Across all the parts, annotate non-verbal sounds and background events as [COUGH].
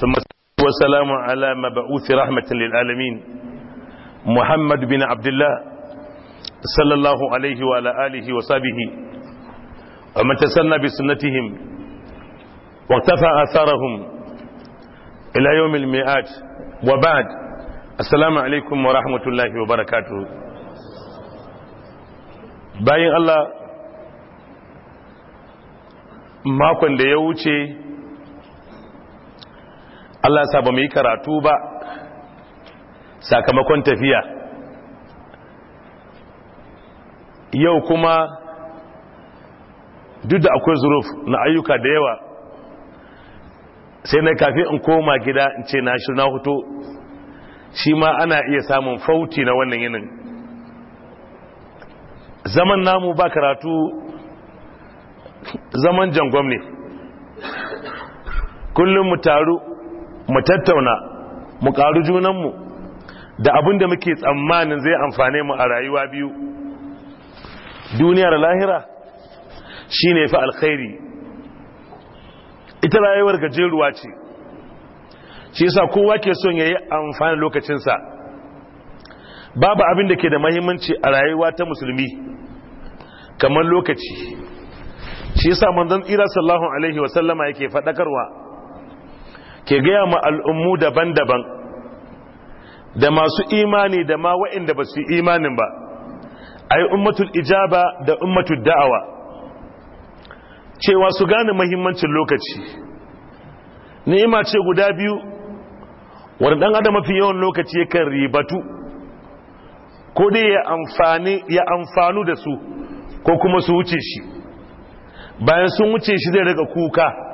ثم وسلام على مبعوث رحمة للعالمين محمد بن عبد الله صلى الله عليه وعلى آله وصحبه ومن تسنى بسنتهم واقتفى آثارهم إلى يوم المئات وبعد السلام عليكم ورحمة الله وبركاته باين الله makon da ya wuce Allah sa ba mu yi karatu ba sakamakon tafiya yau kuma duk da akwai zuruf na ayyuka da yawa sai na kafin in koma gida in ce na shi na hutu shi ma ana iya samun fauti na wannan yinin zaman namu ba karatu zaman jangon ne kullum mu taru mu tattauna mu ƙaru junanmu da abin da muke tsammanin zai amfane mu a rayuwa biyu duniyar lahira shi ne fi alkhairi ita rayuwar gajeruwa ce shi yasa kowa ke son ya yi amfani lokacinsa babu abin da ke da mahimmanci a rayuwa ta musulmi kamar lokaci shi yasa manzon tsira sallallahu alaihi wasallama yake faɗakarwa ke gaya ma al'ummu daban-daban da masu imani da ma wa'inda ba su imanin ba a yi ummatul ijaba da ummatul da'awa cewa su gane mahimmancin lokaci ni'ima ce guda biyu wani ɗan adam mafi yawan lokaci yakan ribatu ko dai ya amfanu da su ko kuma su wuce shi bayan sun wuce shi zai daga kuka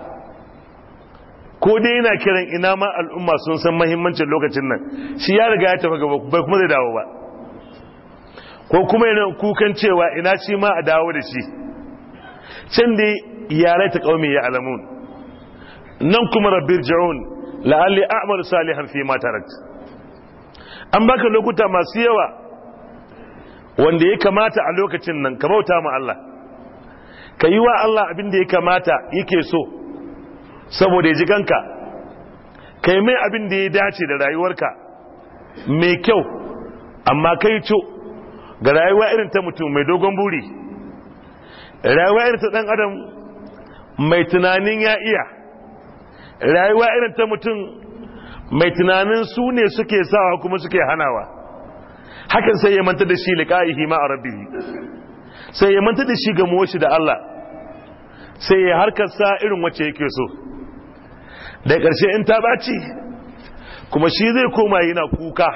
ko dai yana kiran ina ma al'umma sun san mahimmancin lokacin nan shi ya riga ya tafi gaba bai kuma zai dawo ba ko kuma yana kukan cewa ina shi ma a dawo da shi can dai yare ta kaumi ya alamun nan kuma rabbir ji'un la'alli a'mal salihan fi ma tarak an baka lokuta masu yawa wanda ya kamata a lokacin nan ka bauta ma Allah ka yi wa Allah abin da ya kamata yake so saboda ya ji kanka kai mai abin da ya dace da rayuwarka mai kyau amma kai co ga rayuwa irin ta mutum mai dogon buri rayuwa irin ta dan adam mai tunanin ya iya rayuwa irin ta mutum mai tunanin su ne suke sawa kuma suke hanawa hakan sai ya manta da shi liƙa'ihi ma rabbi sai ya manta da shi ga shi da Allah sai ya sa irin wacce yake so da ƙarshe in ta baci kuma shi zai koma yana kuka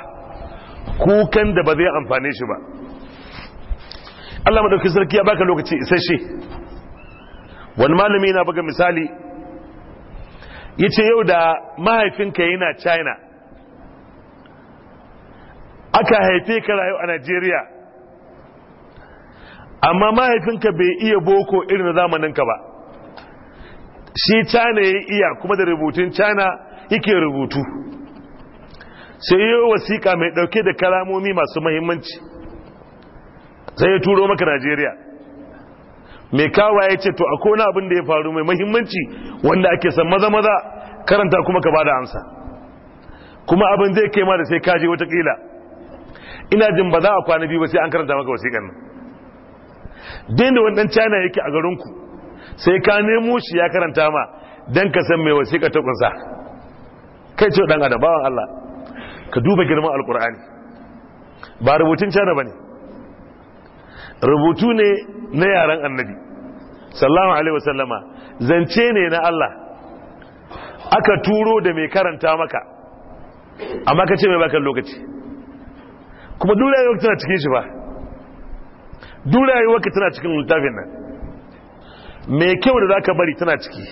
kukan da ba zai amfane shi ba Allah madauki sarki ya baka lokaci isasshe wani malami yana buga misali ya ce yau da mahaifinka yana china aka haife ka rayu a Najeriya amma mahaifinka bai iya boko irin zamaninka ba shi cana ya iya kuma da rubutun cana yake rubutu sai yi wasiƙa mai ɗauke da kalamomi masu mahimmanci sai ya turo maka najeriya mai kawa ya ce to a kona abin da ya faru mai mahimmanci wanda ake san maza-maza karanta kuma ka bada amsa kuma abin zai kai ma da sai kaje watakila ina jin ba za a kwana biyu ba sai an karanta maka wasiƙan nan da wani dan cana yake a garinku sai ka nemo shi ya karanta ma dan ka san mai wasiƙa ta kunsa kai ce dan adam bawan Allah ka duba girman alkur'ani ba rubutun cana bane rubutu ne na yaran annabi sallallahu alaihi wasallama zance ne na Allah aka turo da mai karanta maka amma ka ce mai baka lokaci kuma dole yau tana cikin shi ba dole yau tana cikin littafin nan mai kyau da za ka bari tana ciki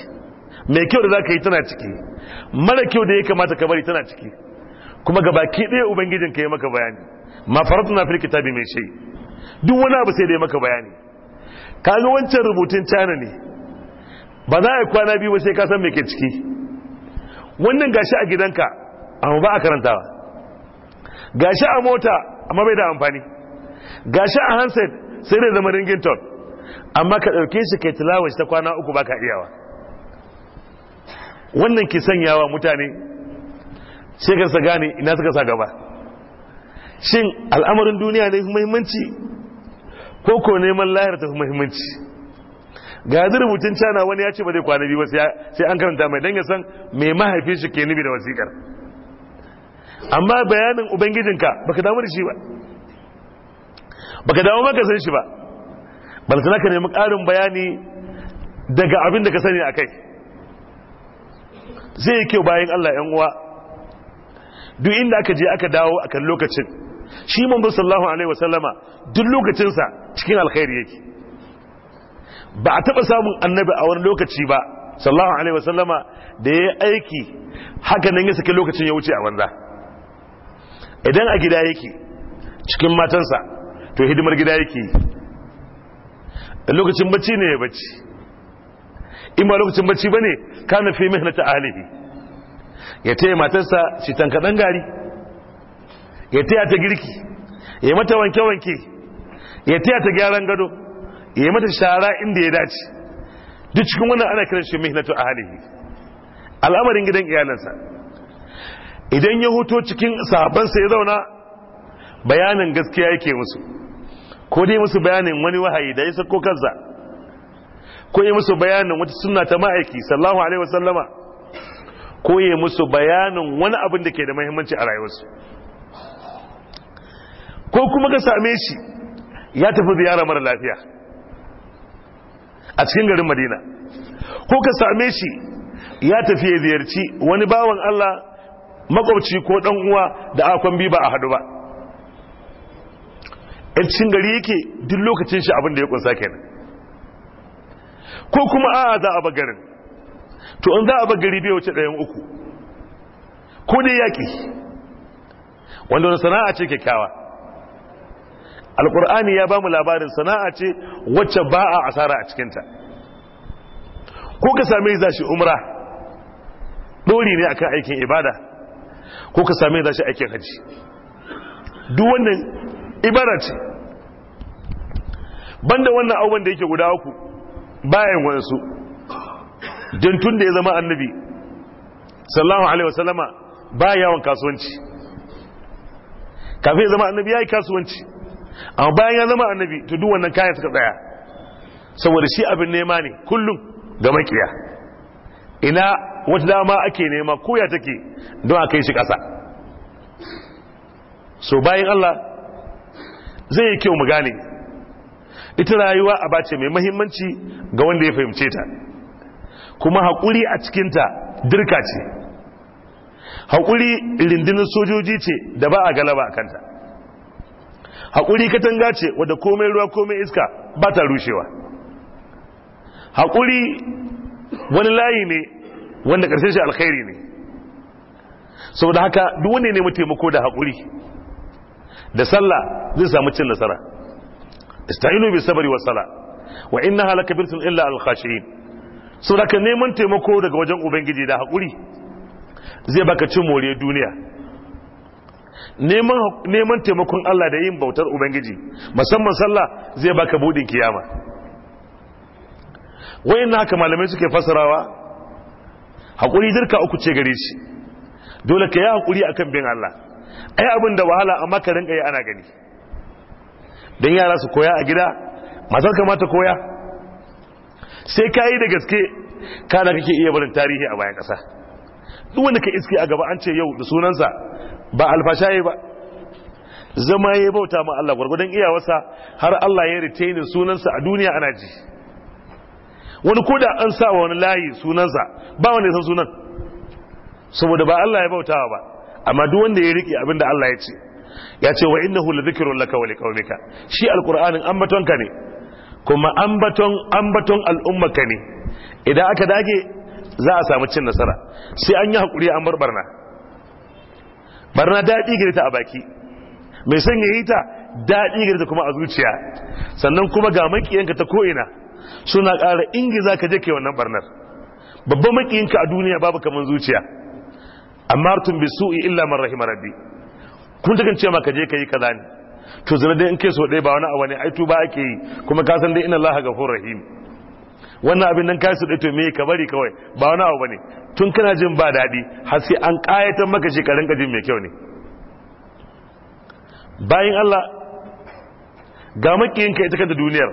mai kyau da ka yi tana ciki mara kyau da ya kamata ka bari tana ciki kuma ga baki ɗaya ubangijin ka yi maka bayani ma na firki tabi mai shai duk wani abu sai da ya maka bayani Ka kaga wancan rubutun cana ne ba za a yi kwana biyu ba sai ka san me ke ciki wannan gashi a gidanka amma ba a karantawa gashi a mota amma bai da amfani gashi a handset sai da zama ringin tone amma ka ɗauke shi kai tilawar ta kwana uku baka ka iyawa wannan ke sanyawa mutane sa gane ina suka sa gaba shin al'amarin duniya ne muhimmanci ko ko neman lahir ta muhimmanci ga yanzu rubutun cana wani ya ce ba zai kwana biyu ba sai an karanta mai Dan ya san mai mahaifin shi ke nubi da wasikar amma bayanin ubangijinka baka damu da shi ba baka damu maka san shi ba balantana ka nemi ƙarin bayani daga abin da ka sani a kai zai yi kyau bayan allah yan uwa duk inda aka je aka dawo a kan lokacin shi manzo sallallahu alaihi wasallama duk lokacinsa cikin alkhairi yake ba a taɓa samun annabi a wani lokaci ba sallallahu alaihi wasallama da ya aiki haka nan ya saki lokacin ya wuce a banza idan a gida yake cikin matansa to hidimar gida yake lokacin bacci ne ya bacci in ba lokacin bacci bane kana fi mihnata ahlihi ya taya matarsa shi tankadan gari ya taya ta girki ya mata wanke wanke ya taya ta gyaran gado ya mata shara inda ya dace duk cikin wannan ana kiran shi a ahlihi al'amarin gidan iyalansa idan ya huto cikin sahabbansa ya zauna bayanin gaskiya yake musu ko dai musu bayanin wani wahayi da ya sako kansa ko yi musu bayanin wata sunna ta ma'aiki sallahu alaihi wasallama ko yi musu bayanin wani abin da ke da muhimmanci a rayuwarsu ko kuma ka same shi ya tafi ziyara mara lafiya a cikin garin madina ko ka same shi ya tafi ya ziyarci wani bawan allah makwabci ko dan da akon ba a hadu ba in cikin gari yake duk lokacin shi abin da ya kunsa kenan ko kuma a za a bagarin to in za a bagari bai wace ɗayan uku ko dai yaƙi wanda wani sana'a ce kyakkyawa alkur'ani ya ba mu labarin sana'a ce wacce ba a asara a cikinta ko ka same za shi umra ɗori ne akan aikin ibada ko ka same za shi aikin haji duk wannan ibara ce banda wannan abubuwan da yake guda uku bayan wansu don tun da ya zama annabi sallallahu alaihi wasallama ba yawon kasuwanci kafin ya zama annabi ya yi kasuwanci amma bayan ya zama annabi to duk wannan kayan suka tsaya saboda shi abin nema ne kullum ga makiya ina wata dama ake nema koya take don a kai shi ƙasa so bayan Allah zai yi kyau mu gane ita rayuwa a bace mai mahimmanci ga wanda ya fahimce ta kuma haƙuri a cikinta dirka ce haƙuri rindinin sojoji ce da ba a galaba a kanta haƙuri katanga ce wadda komai ruwa komai iska ba ta rushewa haƙuri wani layi ne wanda ƙarshen shi alkhairi ne saboda haka duk wani ne mu taimako da haƙuri da sallah zai samu cin nasara ista'inu bi sabri wa sala wa innaha lakabiratun illa al khashiin da ka neman taimako daga wajen ubangiji da hakuri zai baka cin more duniya neman taimakon Allah da yin bautar ubangiji musamman sallah zai baka budin kiyama wayannan haka malamai suke fasarawa hakuri dirka uku ce gare shi dole ka yi hakuri akan bin Allah ai abin da wahala amma ka rinka yi ana gani don yara su koya a gida matar kamata koya sai ka yi da gaske kana kake iya barin tarihi a bayan ƙasa duk wanda ka iske a gaba an ce yau da sunansa ba alfashaye ba zama ya bauta ma Allah gwargwadon iyawarsa har Allah ya retainin sunansa a duniya ana ji wani koda an sa wa wani layi sunansa ba wani ya san sunan saboda ba Allah ya bautawa ba amma duk wanda ya riƙe abin da Allah ya ce ya ce wa innahu dhikrun laka wa liqaumika shi alqur'anin ambaton ka ne kuma ambaton ambaton al'umma ka ne idan aka dage za a samu cin nasara sai an yi hakuri an bar barna barna daɗi gare ta a baki mai son ya ta daɗi gare ta kuma a zuciya sannan kuma ga makiyanka ta ko'ina suna ƙara ingiza ka je ke wannan barnar babban makiyinka a duniya babu kamar zuciya Amma tun bi su'i illa man rahima rabbi kun takan ce ka je kai kaza ne to zina dai in kai so dai ba wani abu ne ai tuba ake yi kuma ka san dai inna allaha ghafur rahim wannan abin nan kai so dai to me ka bari kawai ba wani abu bane tun kana jin ba dadi har sai an kayatar maka shi ka rinka jin mai kyau ne bayin Allah ga makiyinka ita kanta duniyar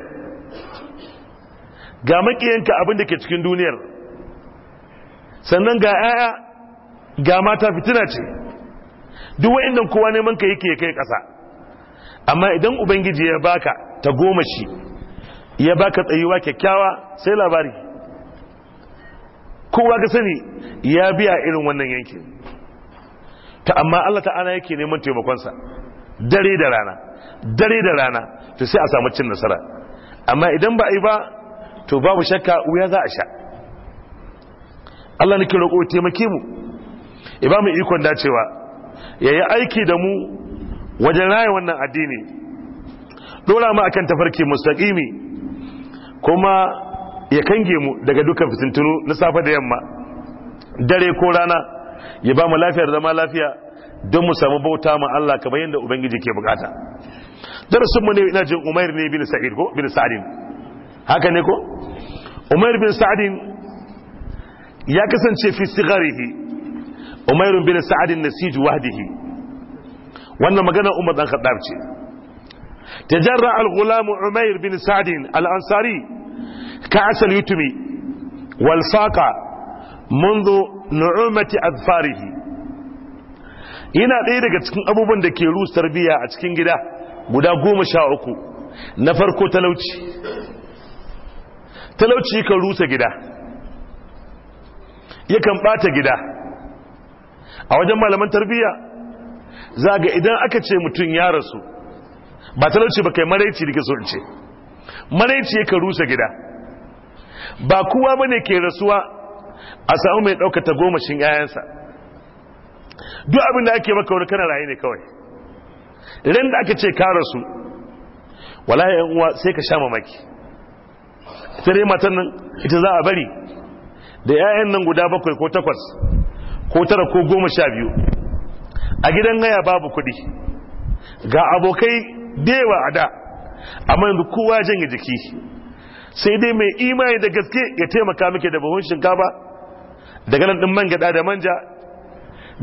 ga makiyinka abin da ke cikin duniyar sannan ga 'ya'ya ga mata fitina ce duk wa'annan kowa neman ka yake kai ƙasa amma idan ubangiji ya baka ta goma shi ya baka tsayuwa kyakkyawa sai labari kowa ga sani ya biya irin wannan yankin ta amma Allah ta'ala yake neman taimakonsa dare da rana dare da rana to sai a samu cin nasara amma idan ba a yi ba to babu shakka wuya za a sha Allah nake roƙo taimake mu ya ba mu ikon dacewa ya yi aiki da mu wajen raya wannan addini dora mu akan tafarki mustaƙimi kuma ya kange mu daga dukkan fitintunu na safe da yamma dare ko rana ya ba mu lafiyar zama lafiya don mu samu bauta ma Allah kamar yadda ubangiji ke bukata darasin mu ne ina jin Umair ne bin Sa'id ko bin Sa'adin haka ne ko Umair bin Sa'id ya kasance fi sigarihi umairun bin sa'adin nasij wahdihi wannan magana umar dan khattab ce tajarra al-ghulam umair bin sa'adin al-ansari ka asal yutumi wal saqa mundu nu'umati adfarihi yana ɗaya daga cikin abubuwan da ke rusa tarbiya a cikin gida guda goma sha uku na farko talauci talauci kan rusa gida yakan bata gida a wajen malaman tarbiyya za ga idan aka ce mutum ya rasu ba talauci ba kai maraici da ke so in ce maraici ya ka rusa gida ba kowa ba ke rasuwa a samu mai ɗaukata gomashin 'ya'yansa duk abin da ake maka wani kana rayu ne kawai ran da aka ce ka rasu wala yan uwa sai ka sha mamaki ita dai matan nan ita za a bari da 'ya'yan nan guda bakwai ko takwas ko tara ko goma sha biyu a gidan gaya babu kuɗi ga abokai dewa a da amma yanzu kowa janye jiki sai dai mai imani da gaske ya taimaka muke da buhun shinkafa daga nan ɗin man gada da manja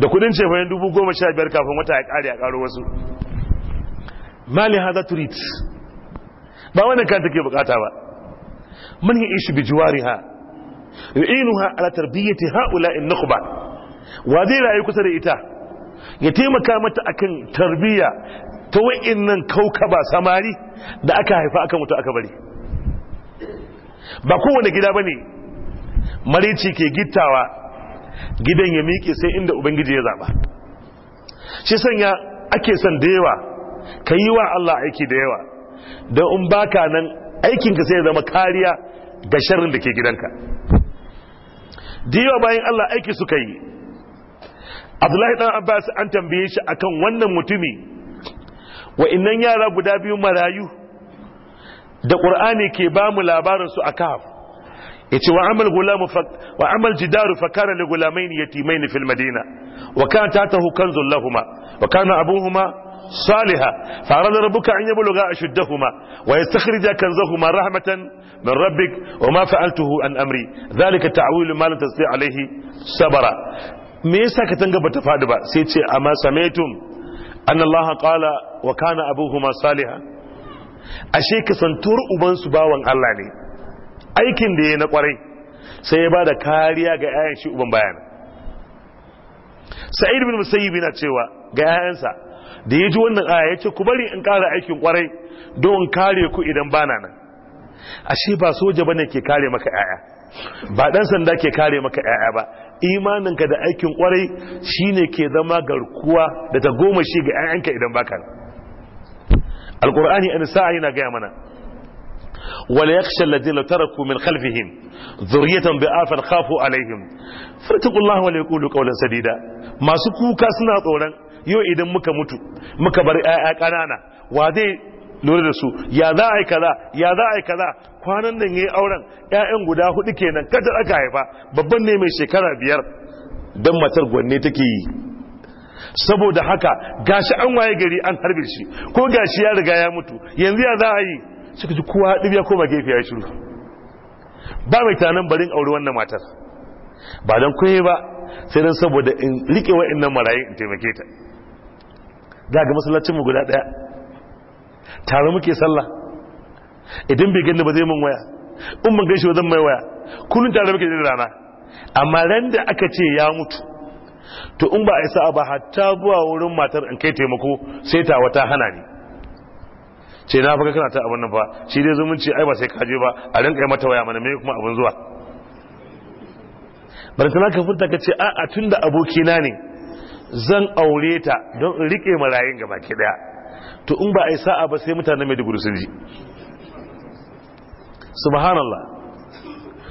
da kudin cefayen dubu goma sha biyar kafin wata ya ƙare a ƙaro wasu mali haza turit ba wannan kan take bukata ba mun yi ishi bi juwariha yu'inuha ala tarbiyyati in nukhba wa zai rayu kusa da ita ya taimaka mata akan tarbiyya ta wa'innan kaukaba samari da aka haifa aka mutu aka bari ba kowane gida ba ne marici ke gittawa gidan ya miƙe sai inda ubangiji ya zaba. shi sanya ake son da yawa ka yi wa Allah aiki da yawa don in baka nan aikinka sai ya zama kariya ga sharrin da ke gidanka da yawa bayan Allah aiki suka yi abdullahi dan abbas an tambaye shi akan wannan mutumi wa'annan yara guda biyu marayu da qur'ani ke ba mu labarin su a kahf yace wa amal gulamu wa amal jidaru fakara li gulamaini yatimaini fil madina wa kana tatahu kanzul lahumu wa kana abuhuma صالحا فأراد ربك أن يبلغ أشدهما ويستخرج كنزهما رحمة من ربك وما فعلته عن أمري ذلك تعويل ما لم تستطيع عليه صبرا me yasa ka tanga bata fadi ba sai ce amma samaitum an Allah qala wa kana abuhuma saliha ashe kasantuwar uban su bawan Allah ne aikin da ya na kwarai sai ya bada kariya ga yayan shi uban bayana sa'id bin musayyib yana cewa ga yayansa da ya ji wannan aya yace ku bari in kara aikin kwarai don kare ku idan bana nan ashe ba soja bane ke kare maka yaya ba dan sanda ke kare maka yaya ba imaninka da aikin kwarai shine ke zama garkuwa da ta goma shi ga 'ya'yanka idan baka alƙur'ani an sa'a yana gaya mana kashe yakhsha lautar ku min zuriyatan dhurriyatan afar khafu alaihim fattaqullaha ya yaqulu qawlan sadida masu kuka suna tsoron yau idan muka mutu muka bar 'ya'ya ƙanana wa zai lura da su ya za a yi kaza ya za a yi kaza kwanan nan ya yi auren 'ya'yan guda hudu kenan kada aka haifa babban ne mai shekara biyar don matar gwanne take yi saboda haka gashi an waye gari an harbe shi ko gashi ya riga ya mutu yanzu ya za a yi suka ji kowa ya koma gefe ya shiru ba mai tanan barin aure wannan matar ba don koyi ba sai don saboda in rike wa'annan marayu in taimake ta ga ga masallacin mu guda daya tare muke sallah idan bai gani ba zai mun waya in mun gaishe zan mai waya kullun tare muke da rana amma ran da aka ce ya mutu to in ba a yi sa'a ba hatta zuwa wurin matar in kai taimako sai ta wata hana ni ce na faga kana ta abin nan fa shi dai zumunci ai ba sai kaje ba a rinka mata waya mana me kuma abin zuwa bari sana ka furta ka ce a a tunda abokina ne zan aure ta don in rike marayin gaba ki daya to in ba a yi sa'a ba sai mutane mai duguri sun ji subhanallah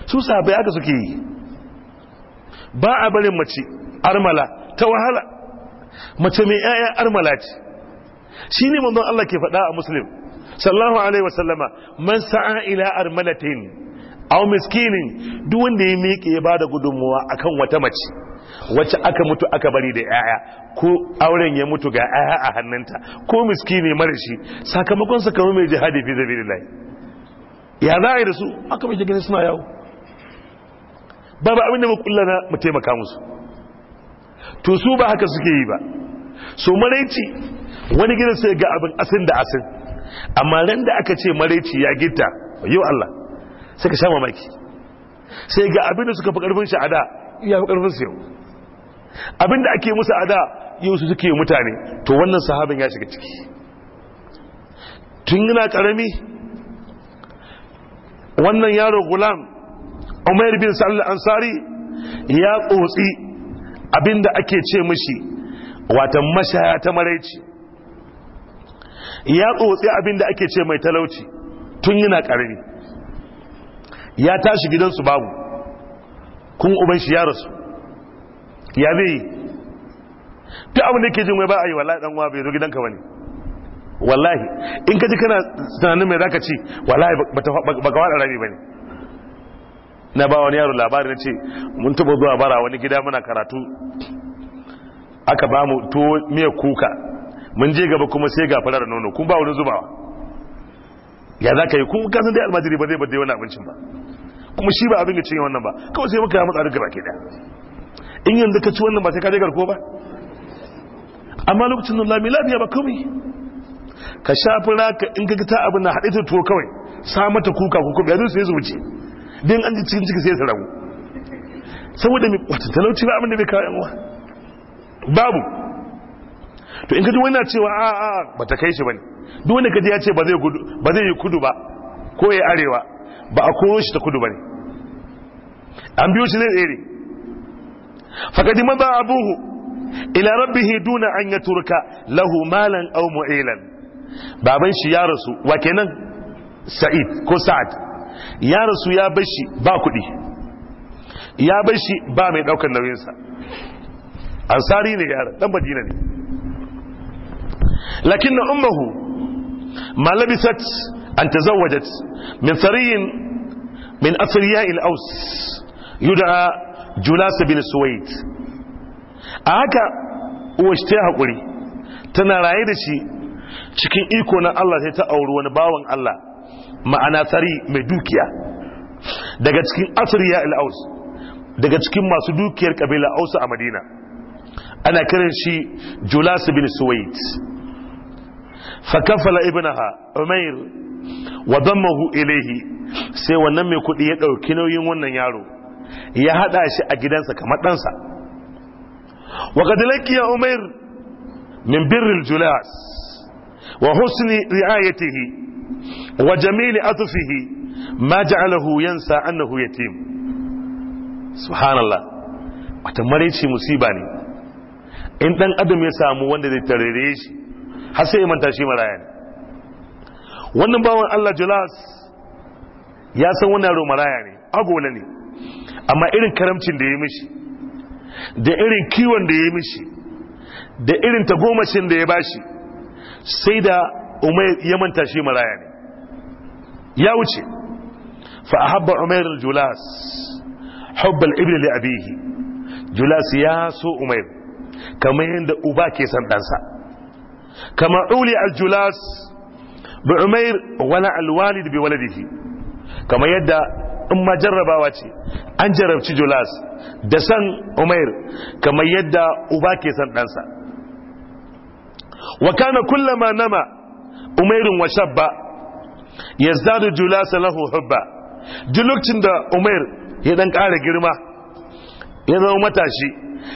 su sabai aka suke yi ba a barin mace armala ta wahala mace mai 'ya'ya armala ce shi ne manzon Allah ke faɗa a muslim sallahu alaihi wasallama man sa'a ila armalatin a miskinin duk wanda ya miƙe ya bada gudunmuwa akan wata mace wacce aka mutu aka bari da 'ya'ya ko auren ya mutu ga 'ya'ya a hannunta ko miskini marashi sakamakon sa kamar mai jihadi fi sabilillah ya za a yi su aka mai gani suna yawo babu abin da mu na mu taimaka musu to su ba haka suke yi ba so maraici wani gidan sai ga abin asin da asin amma ran da aka ce maraici ya gita yau Allah sai ka sha mamaki sai ga abin da suka fi karfin shi a da ya fi karfin su yau abinda ake musu a da yau su suke mutane to wannan sahabin ya shiga ciki tun yana karami wannan yaro gulam umar bin sa'al ansari ya tsotsi abinda ake ce mishi watan mashaya ta maraici ya tsotsi abinda ake ce mai talauci tun yana karami ya tashi gidansu babu kun uban ya rasu ya zai ta abin da ke jin wai ba a yi wallahi ɗanwa bai zo gidanka wani wallahi in ka ji kana tunanin mai zaka ci wallahi ba ka wada rami ne. na ba wani yaro labari na ce mun taba zuwa bara wani gida muna karatu aka ba mu to miya kuka mun je gaba kuma sai ga farar nono kun ba wani zubawa ya za ka yi kun kasan dai almajiri ba zai bade wani abincin ba kuma shi ba abin da cinye wannan ba kawai sai muka yi matsarin gaba ke daya in yanzu ka ci wannan ba sai ka je garko ba amma lokacin nan lami lafiya ba kawai ka shafi raka in ka ta abin na haɗe ta to kawai sa mata kuka ko kuma yanzu sai wuce din an ji cikin ciki sai su rabu saboda mai wata talauci ba abin da bai kawo yanwa babu to in ka ji wani cewa a a ba ta kai shi bane duk wanda ka ji ya ce ba zai gudu ba zai yi kudu ba ko ya arewa ba a koro shi ta kudu bane an biyo shi zai tsere فقد مضى أبوه إلى ربه دون أن يترك له مالا أو معيلا بابن شي يا رسول وكنا سعيد كو سعد يا رسول يا بشي باكودي يا بشي با مي داوكن نوينسا انصاري ني يار دان مدينه لكن امه ما لبثت ان تزوجت من ثري من اثرياء الاوس يدعى julasa bin suwait a haka shi ta haƙuri tana raye da shi cikin iko na Allah sai ta auri wani bawan Allah ma'ana tsari mai dukiya daga cikin asiriya al'aus daga cikin masu dukiyar kabila ausa a madina ana kiran shi julas bin suwait fakafala ibnaha umair wa dammahu ilayhi sai wannan mai kuɗi ya ɗauki nauyin wannan yaro ya hada shi a gidansa kamar ɗansa wa gadalaki ya umair min birril julas wa husni ri'ayatihi wa jamili atufihi ma ja'alahu yansa annahu yatim subhanallah wata marici musiba ne in dan adam ya samu wanda zai tarere shi har sai ya manta shi maraya ne wannan bawan Allah Julas ya san wannan ro maraya ne agola ne amma irin karamcin da ya mishi da irin kiwon da ya mishi da irin tagomashin da ya bashi sai da umar ya manta shi maraya ne ya wuce fa ahabba umar julas hubbal ibn li abihi julas ya so umar kamar yadda uba ke san ɗansa kama uli al julas bi umar wala al walid bi waladihi kamar yadda in ma jarrabawa ce an jarrabci julas da san umair kamar yadda uba ke san ɗansa wa kana kullama nama umairin wa shabba yazdadu julas lahu hubba duk da umair ya ɗan ƙara girma ya zama matashi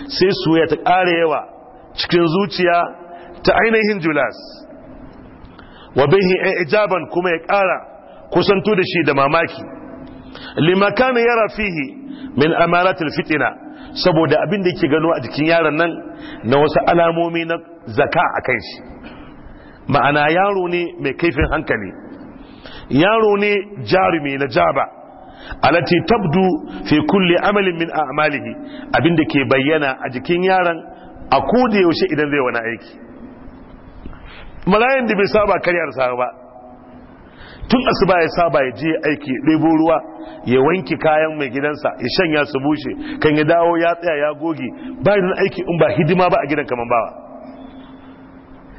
sai soyayya ta ƙara yawa cikin zuciya ta ainihin julas wa bihi ijaban kuma ya ƙara kusanto da shi da mamaki limakan yara fihi min amaratil fitina saboda abin da yake gano a jikin yaron nan na wasu alamomi na zaka a kan shi ma'ana yaro ne mai kaifin hankali yaro ne jarumi na jaba alati tabdu fi kulli amalin min a'malihi abin da ke bayyana a jikin yaron a da yaushe idan zai wani aiki malayan da bai saba karyar sa ba tun asuba ya saba ya je aiki ɗebo ruwa ya wanke kayan mai gidansa ya shanya su bushe kan ya dawo ya tsaya ya goge bayan aiki in ba hidima ba a gidan kamar bawa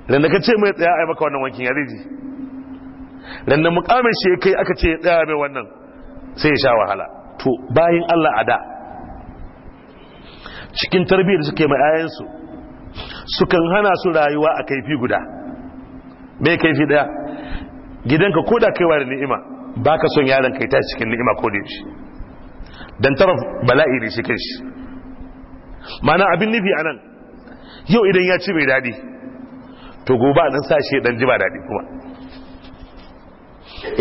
idan ka ce mai tsaya a maka wannan wankin ya riji idan mukamin shi ya kai aka ce ya tsaya mai wannan sai ya sha wahala to bayan Allah a da cikin tarbiyyar suke mai ayansu sukan hana su rayuwa a kaifi guda mai kaifi daya gidanka ko da kai da ni'ima ba ka son yaron kai ta cikin ni'ima ko da yaushe Dan tara bala'i da shi kai shi mana abin nufi a nan yau idan ya ci mai daɗi to gobe a ɗan sashe dan ji ba daɗi kuma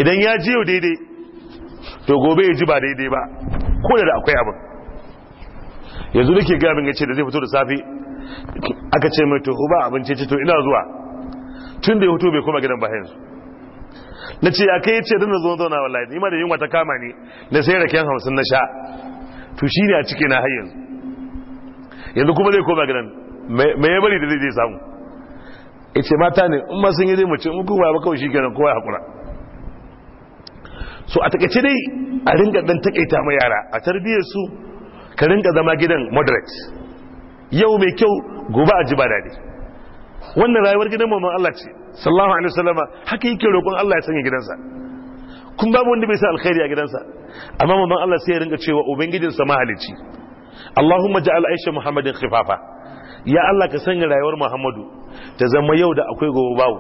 idan ya ji yau daidai to gobe ya ji ba daidai ba ko da akwai abin yanzu nake ga ya ce da zai fito da safe aka ce mai to ba abin ce to ina zuwa tun da ya fito bai koma gidan ba yanzu na ce ya kai ce dana zo zauna wallahi ni ma da yunwa ta kama ni na sai kyan hamsin na sha to shi ne a ciki na har yanzu yanzu kuma zai koma gidan me ya bari da zai zai samu ya ce mata ne in ma sun yi zai mace in kuma ba kawai shi kenan kowa ya haƙura so a takaice dai a ringa dan takaita ma yara a tarbiyyar su ka ringa zama gidan moderate yau mai kyau gobe a ji ba daɗi wannan rayuwar gidan mamman Allah ce sallallahu alaihi wasallam haka yake roƙon Allah ya sanya gidansa kun babu wanda bai sa alkhairi a gidansa amma ban Allah sai ya ringa cewa ubangijinsa mahalici Allahumma ja'al aisha Muhammadin khifafa ya Allah ka sanya rayuwar Muhammadu ta zama yau da akwai gobe bawo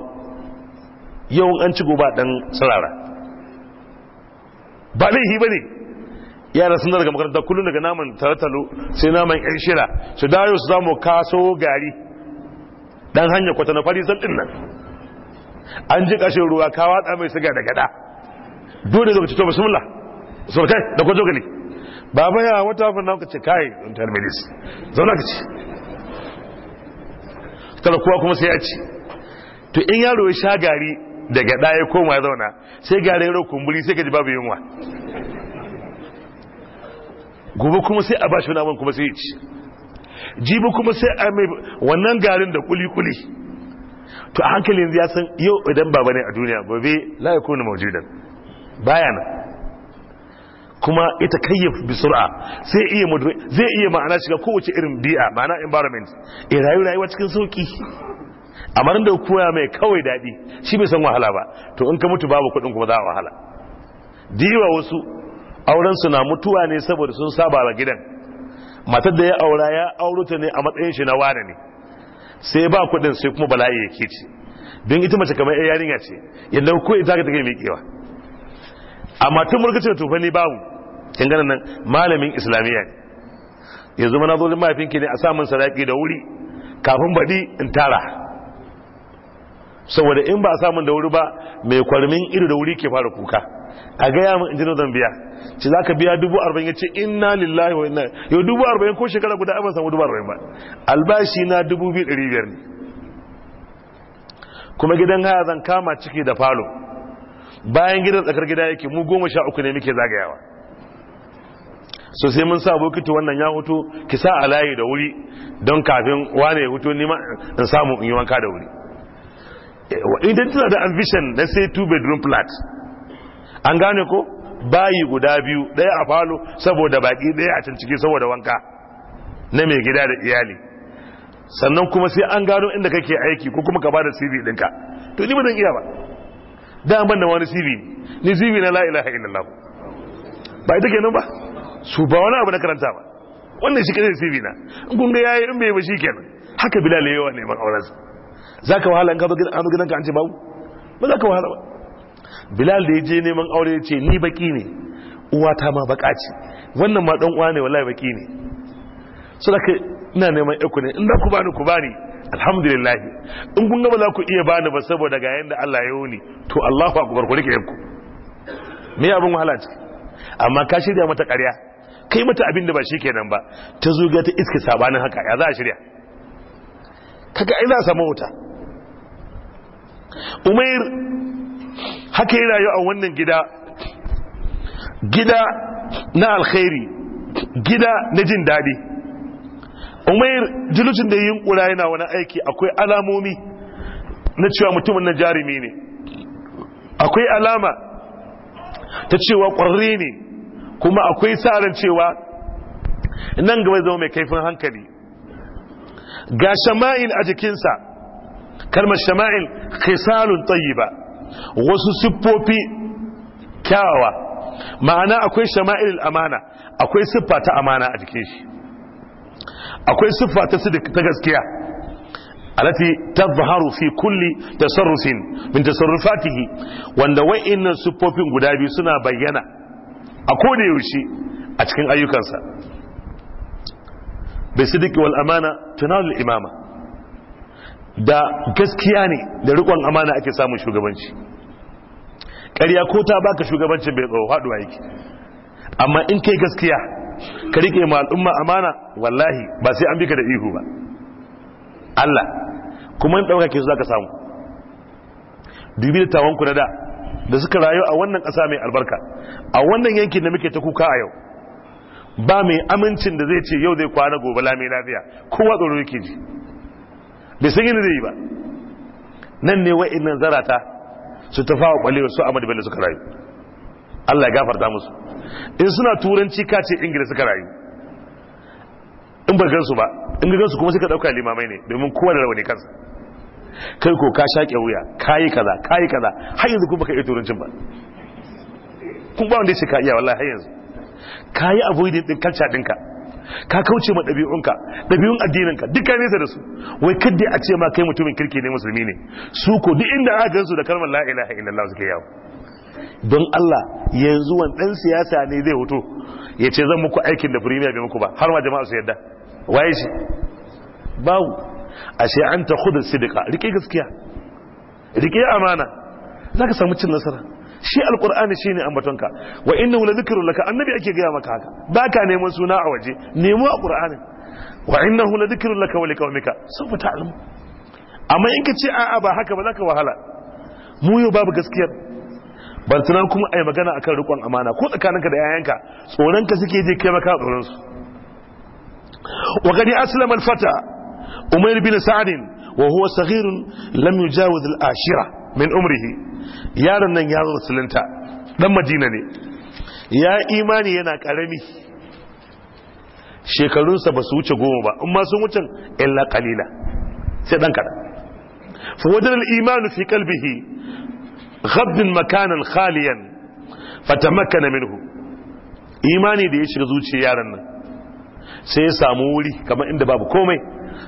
yau an ci gobe dan sarara ba laihi bane yara sun daga makaranta kullum daga naman taratalo sai naman yan shira su dayo su zamu kaso gari dan hanya kwata na fari san din nan an ji kashin ruwa ka watsa mai siga da gada dole zai to bismillah so kai da ko jogali baba ya wata fa nan ka ce kai don terminus zauna ka ci Kala kuwa kuma sai ya ci to in yaro ya sha gari da gada ya koma ya zauna sai gari ya kumburi sai ka ji babu yunwa gobe kuma sai a bashi wani abin kuma sai ya ci jibi kuma sai a mai wannan garin da kuli-kuli to a hankali yanzu ya san yau idan baba ne a duniya gobe la yakunu mawjudan baya kuma ita kayyaf bi sur'a sai iya zai iya ma'ana shiga kowace irin bi'a ma'ana environment eh rayu rayuwa cikin sauki amma da koya mai kawai daɗi shi bai san wahala ba to in ka mutu babu kuɗin kuma za a wahala diwa wasu auren su na mutuwa ne saboda sun saba gidan matar da ya aura ya auro ne a matsayin shi na ware ne sai ba kuɗin sai kuma bala'i ya ke ci don ita mace kamar yar yarinya ce yadda ko ita ka take miƙewa amma tun murga cewa tofa tufani babu kin ganin nan malamin islamiyya ne yanzu mana zo mahaifin ki ne a samun sadaki da wuri kafin baɗi in tara saboda in ba a samun da wuri ba mai kwarmin iri da wuri ke fara kuka a gaya min inji zan biya ce za ka biya dubu arba'in ya ce inna lillahi wa inna yau dubu arba'in ko shekara guda abin samu dubu arba'in ba albashi na dubu biyu ɗari biyar ne kuma gidan haya zan kama ciki da falo bayan gidan tsakar gida yake mu goma sha uku ne muke zagayawa so sai mun sa bokiti wannan ya hutu ki sa a layi da wuri don kafin wane ya hutu nima in samu in yi wanka da wuri idan tana da ambition na sai two bedroom flat an gane ko bayi guda biyu ɗaya a falo saboda baki ɗaya a can ciki saboda wanka na mai gida da iyali sannan kuma sai an gano inda kake aiki ko kuma ka ba da cv ɗinka to ni ba zan iya ba da ban da wani cv ni cv na la ilaha illallah ba ita kenan ba su ba wani abu na karanta ba wannan shi kadai cv na in kun ga yayi in bai ba shi kenan haka bilal yayi wa neman aurensa zaka wahala in ka zo gidan an ce babu ba za ka wahala ba bilal da ya je neman aure ya ce ni baki ne uwata ma baka ce wannan ma dan uwa ne wallahi baki ne so da ka ina neman iko ne in da ku bani ku bani alhamdulillah in kun gama za ku iya bani ba saboda ga yanda Allah ya wuni to Allahu akbar ku rike yanku me abin wahala ce amma ka shirya mata ƙarya kai mata abin da ba shi kenan ba ta zo ga ta iska sabanin haka ya za a shirya kaga ai za a samu wuta umair haka yi rayu a wannan gida gida na alkhairi gida na jin daɗi Umar, jilucin da yin ƙura yana wani aiki akwai alamomi na cewa mutumin na jarumi ne akwai alama ta cewa ƙwarri ne kuma akwai tsarin cewa nan gaba zama mai kaifin hankali ga shama'il a jikinsa kalmar shama'il khisalun ba. wasu siffofi kyawawa ma'ana akwai shama'il amana akwai siffa ta amana a jikin shi akwai siffa ta ta gaskiya alati tazharu fi kulli tasarrufin min tasarrufatihi wanda wa'innan siffofin guda biyu suna bayyana a koda yaushe a cikin ayyukansa bisidiki wal amana tunalul imama da gaskiya ne da rikon amana ake samun shugabanci ƙarya ko ta baka shugabancin bai tsoro haɗuwa yake amma in kai gaskiya ka rike ma al'umma amana wallahi ba sai an bi ka da ihu ba Allah kuma in ke su za ka samu dubi da tawanku na da da suka rayu a wannan ƙasa mai albarka a wannan yankin da muke ta kuka a yau ba mai amincin da zai ce yau zai kwana gobe lami lafiya kowa tsoro yake ji bai san yin zai yi ba nan ne wa'innan zarata su tafa wa kwalewa su amadu bello suka rayu Allah ya gafarta musu in suna turanci ka ce ingila suka rayu in ba gansu ba in ga gansu kuma suka dauka limamai ne domin kowa da rawani kansa kai ko ka shaƙe wuya kayi kaza kayi kaza har yanzu kuma ka iya turancin ba kun ba wanda ya ce ka iya wallahi har yanzu kayi avoiding din kalca dinka ka kauce ma ɗabi'unka ɗabi'un addininka duk ka nesa da su wai kaddai a ce ma kai mutumin kirki ne musulmi ne su ko duk inda aka gansu da kalmar la ilaha illallah suke yawo don Allah yanzu wani ɗan siyasa ne zai hoto ya ce zan muku aikin da firimiya bai muku ba har ma jama'a su yadda waye shi bawu ashe an ta hudu sidika rike gaskiya rike amana zaka samu cin nasara shi shi ne ambatonka wa innahu la dhikrun laka annabi ake gaya maka haka ka neman suna a waje nemo a qur'anin wa innahu la dhikrun laka wa liqaumika sawfa ta'lamu amma in ka ce a'a ba haka ba zaka wahala mu yau babu gaskiyar bantunan kuma a yi magana akan rikon amana ko tsakaninka da yayanka tsoronka suke je kai maka su wa gani aslama fata umair bin sa'adin wa huwa saghirun lam yujawiz al-ashira min umrihi yaron nan ya musulunta dan madina ne ya imani yana karami shekarunsa ba su wuce goma ba in ma sun wuce illa qalila sai dan kada fa al iman fi kalbihi ghabdin makanan khaliyan fatamakkana minhu imani da ya shiga zuciyar yaron nan sai ya samu wuri kamar inda babu komai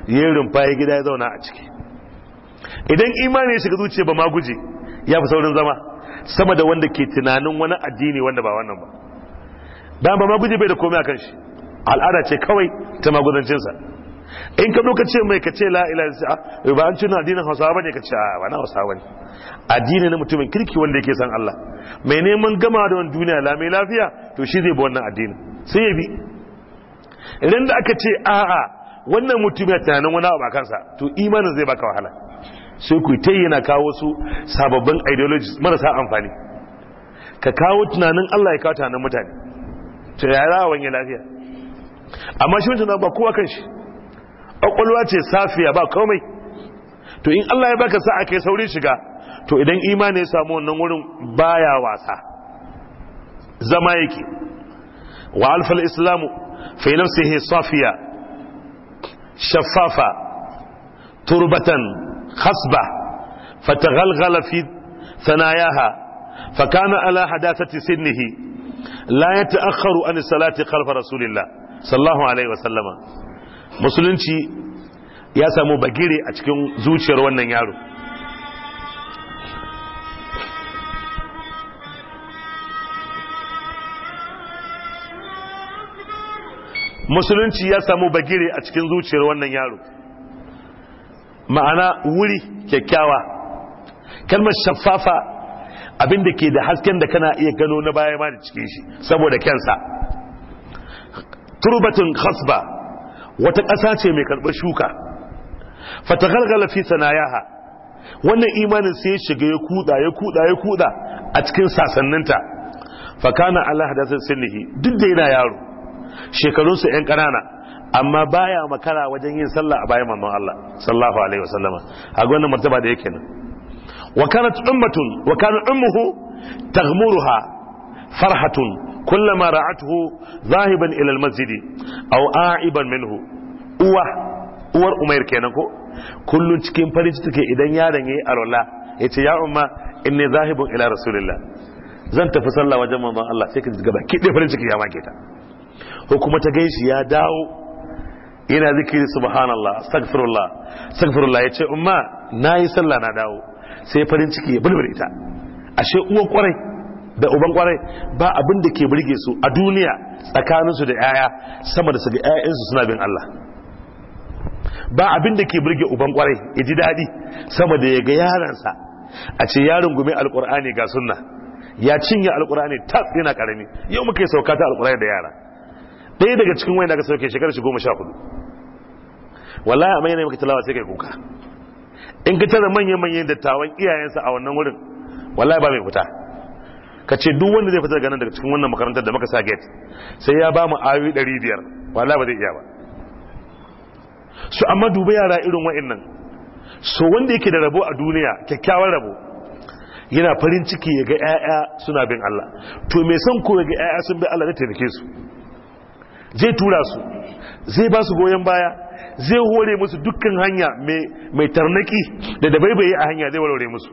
ya rumfa ya gida ya zauna a ciki idan imani ya shiga zuciya ba ma guje ya fi saurin zama sama da wanda ke tunanin wani addini wanda ba wannan ba ba ma guje bai da komai akan shi al'ada ce kawai ta magudancinsa in ka doka ce mai ka ce la ila ah, ba an cina addinin hausawa bane ka a ah, ba na bane addini na mutumin kirki wanda yake san Allah mai neman gama da wani duniya la mai lafiya to shi zai bi wannan addini sai ya bi idan da aka ce a'a wannan mutum ya tunanin wani abu a kansa to imanin zai baka wahala sai ku ta yana kawo su sababbin ideologies marasa amfani ka kawo tunanin Allah ya kawo tunanin mutane to ya za wani lafiya amma shi mutum ba kowa kan shi ƙwaƙwalwa ce safiya ba komai to in Allah ya baka sa'a kai sauri shiga to idan imani ya samu wannan wurin baya wasa zama yake wa alfal islamu fi nafsihi safiya shaffafa turbatan khasba fataghalghala fi thanayaha فكان على حداثة سنه لا يتأخر عن الصلاة خلف رسول الله صلى الله عليه وسلم musulunci ya samu bagire a cikin zuciyar wannan yaro musulunci ya samu bagire a cikin zuciyar wannan yaro ma'ana wuri kyakkyawa kalmar shaffafa abinda ke da hasken da kana iya gano na baya ma da cikin shi saboda kyansa turbatun khasba wata ƙasa ce mai karɓar shuka fatagalgala fi sanayaha wannan imanin sai ya shiga ya kuda ya kuda ya kuda a cikin sasanninta fakana Allah da sannihi duk da yana yaro shekarunsu 'yan ƙanana amma baya makara wajen yin sallah a bayan manzon Allah sallallahu alaihi wasallama a gwanin martaba da yake nan wa kanat ummatun wa kana ummuhu taghmuruha farhatun kullama ra'atuhu zahiban ila al-masjid aw a'iban minhu uwa uwar umair kenan ko kullun cikin farin ciki idan yaron yayi alwala yace ya umma inni zahibun ila rasulillah zan tafi sallah wajen manzon Allah sai ka ji gaba ki farin ciki ya make ta ko kuma ta gaishi ya dawo ina zikiri subhanallah astaghfirullah astaghfirullah ya ce umma na sallah na dawo sai farin ciki ya bulbul ita ashe uwan kwarai da uban kwarai ba abin da ke burge su a duniya tsakaninsu da 'ya'ya sama da su ga 'ya'yansu suna bin Allah ba abin da ke burge uban kwarai ya ji daɗi sama da ya ga yaransa a ce yaron gumi alkur'ani ga sunna ya cinye alqur'ani tas yana karami yau muke sauka ta alqur'ani da yara ɗaya daga cikin wayan da aka sauke shekarar shi goma sha hudu wallahi amma yana maka tilawa sai kai kuka in ka tara manyan manyan dattawan iyayensa a wannan wurin wallahi ba mai fita ka ce duk wanda zai fita daga nan daga cikin wannan makarantar da muka sa gate sai ya ba mu ayoyi ɗari biyar wallahi ba zai iya ba su amma duba yara irin nan. so wanda yake da rabo a duniya kyakkyawan rabo yana farin ciki ya ga 'ya'ya suna bin Allah to me son ko ya ga 'ya'ya sun bi Allah ne taimake su zai tura su zai ba su goyon baya zai hore musu dukkan hanya mai tarnaki da dabaibayi a hanya zai warware musu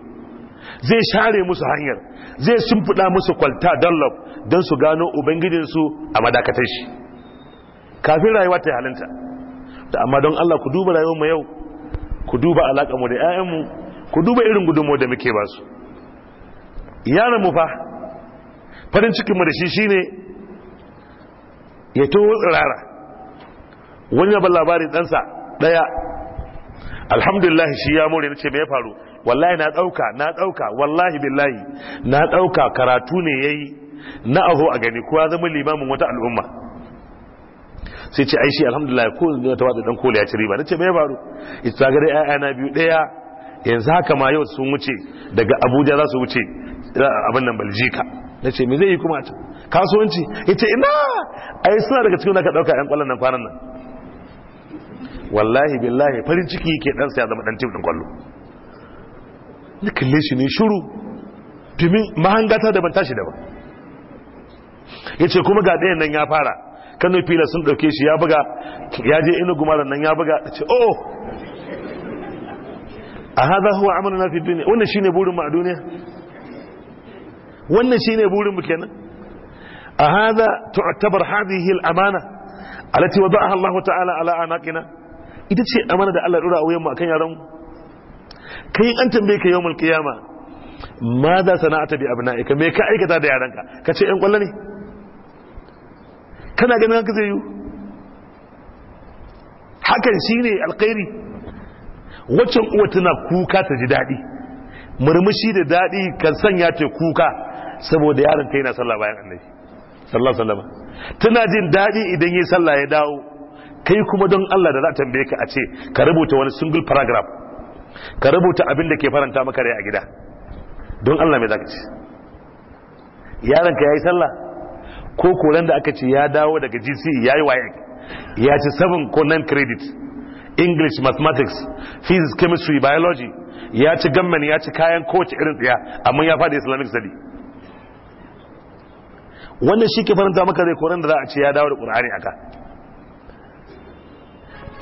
zai share musu hanyar zai fuda musu kwalta dallop don su gano ubangijinsu a madakatar shi kafin rayuwa ta halinta da amma don Allah ku duba rayuwa mu yau ku duba alaƙarmu da 'ya'yanmu ku duba irin gudunmu da muke ba su yaran mu fa farin cikinmu da shi shine ya taho tsirara wani yaban labarin ɗansa ɗaya alhamdulillah shi ya more na ce ya faru wallahi na ɗauka na ɗauka wallahi billahi na ɗauka karatu ne ya yi na aho a gani kuwa zama limamin wata al'umma sai ce aishi alhamdulillah ko zai ta watsa dan kola ya ci riba na ce mai faru ita ga dai ayana biyu ɗaya yanzu haka ma yau sun wuce daga abuja za su wuce abin nan baljika na ce me zai yi kuma a can kasuwanci ya ce ina a yi suna daga cikin naka ɗauka 'yan ƙwallon nan kwanan nan wallahi billahi farin ciki yake ɗansa ya zama ɗan tim ɗin ƙwallo ni kalle shi ne shuru domin mahangata da ban tashi daban ya ce kuma ga ɗayan nan ya fara kano fila sun ɗauke shi ya buga ya je inugu gumarar nan ya buga ya ce oh a haza huwa amurna na fi duniya wannan shine burin mu a duniya wannan shine burin mu kenan أهذا تعتبر هذه الأمانة التي وضعها الله تعالى على أعناقنا ita ce amana da Allah ya dora a wuyan mu akan yaran kai an tambaye ka yawmul qiyama ma za sana'ata bi abna'ika me ka aikata da yaranka ka ce yan kwalla ne kana ganin haka zai yi hakan shine alkhairi waccan uwa tana kuka ta ji daɗi murmushi da daɗi kan sanya ta kuka saboda yaron ta yana sallah bayan annabi sallallahu alaihi tana jin daɗi idan yi sallah ya dawo kai kuma don Allah da za ta tambaye ka a ce ka rubuta wani single paragraph ka rubuta abin da ke faranta maka rai a gida don Allah mai zaka ce yaron ka yayi sallah ko koran da aka ce ya dawo daga GC yayi waye ya ci 7 ko 9 credit English mathematics physics chemistry biology ya ci gamman ya ci kayan kowace irin tsaya amma ya faɗi islamic study wannan shi ke faranta maka zai koran da za a ce ya dawo da ƙur'ani aka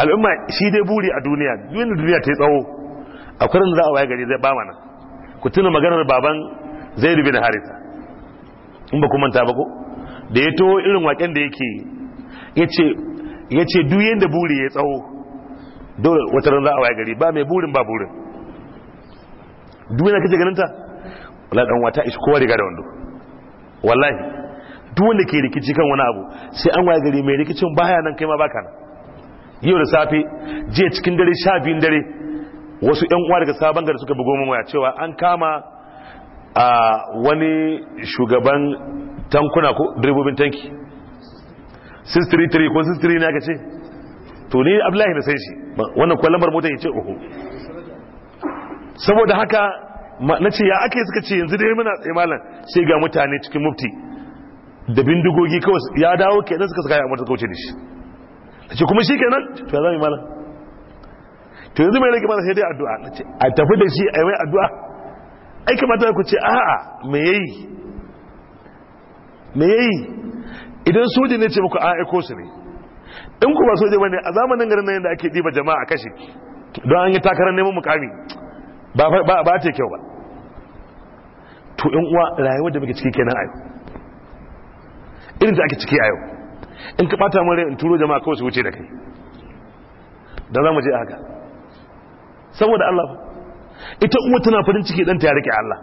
al'umma shi dai buri a duniya duniya duniya ta yi tsawo a kurin za a waye gari zai ba mana ku tuna maganar baban zai rubi na harita in ba ku manta ba ko da ya to irin waken da yake ya ce duk da buri ya tsawo dole wata ran za a waye gari ba mai burin ba burin duniya kake ganin ta wala dan wata ishi kowa riga da wando wallahi dole ke rikici kan wani abu sai an waye gari mai rikicin baya nan kai ma baka nan yau da safe jiya cikin dare sha biyun dare wasu yan uwa daga sabon gari suka bugo mamaya waya cewa an kama a wani shugaban tankuna ko direbobin tanki 633 ko 63 na ka ce to ni abdullahi na sai shi wannan kuwa lambar motar ya ce uku saboda haka na ce ya ake suka ce yanzu dai muna tsaye malam sai ga mutane cikin mufti da bindigogi kawai ya dawo ke suka saka ya mata kauce da shi ta ce kuma shi kenan to ya zama malam to yanzu mai rage mana sai dai addu'a a tafi da shi a yi mai addu'a ai kamata ku ce a'a me yayi me yayi idan soji ne ce muku a'a aiko su ne in ku ba soji bane a zamanin garin nan da ake diba jama'a kashe don an yi takarar neman mukami ba ba ta kyau ba to in uwa rayuwar da muke ciki kenan ayo irin da ake ciki a yau in ka bata mara rai in turo jama'a kawai su wuce da kai da za mu je haka saboda Allah ita uwa tana farin ciki dan ta rike Allah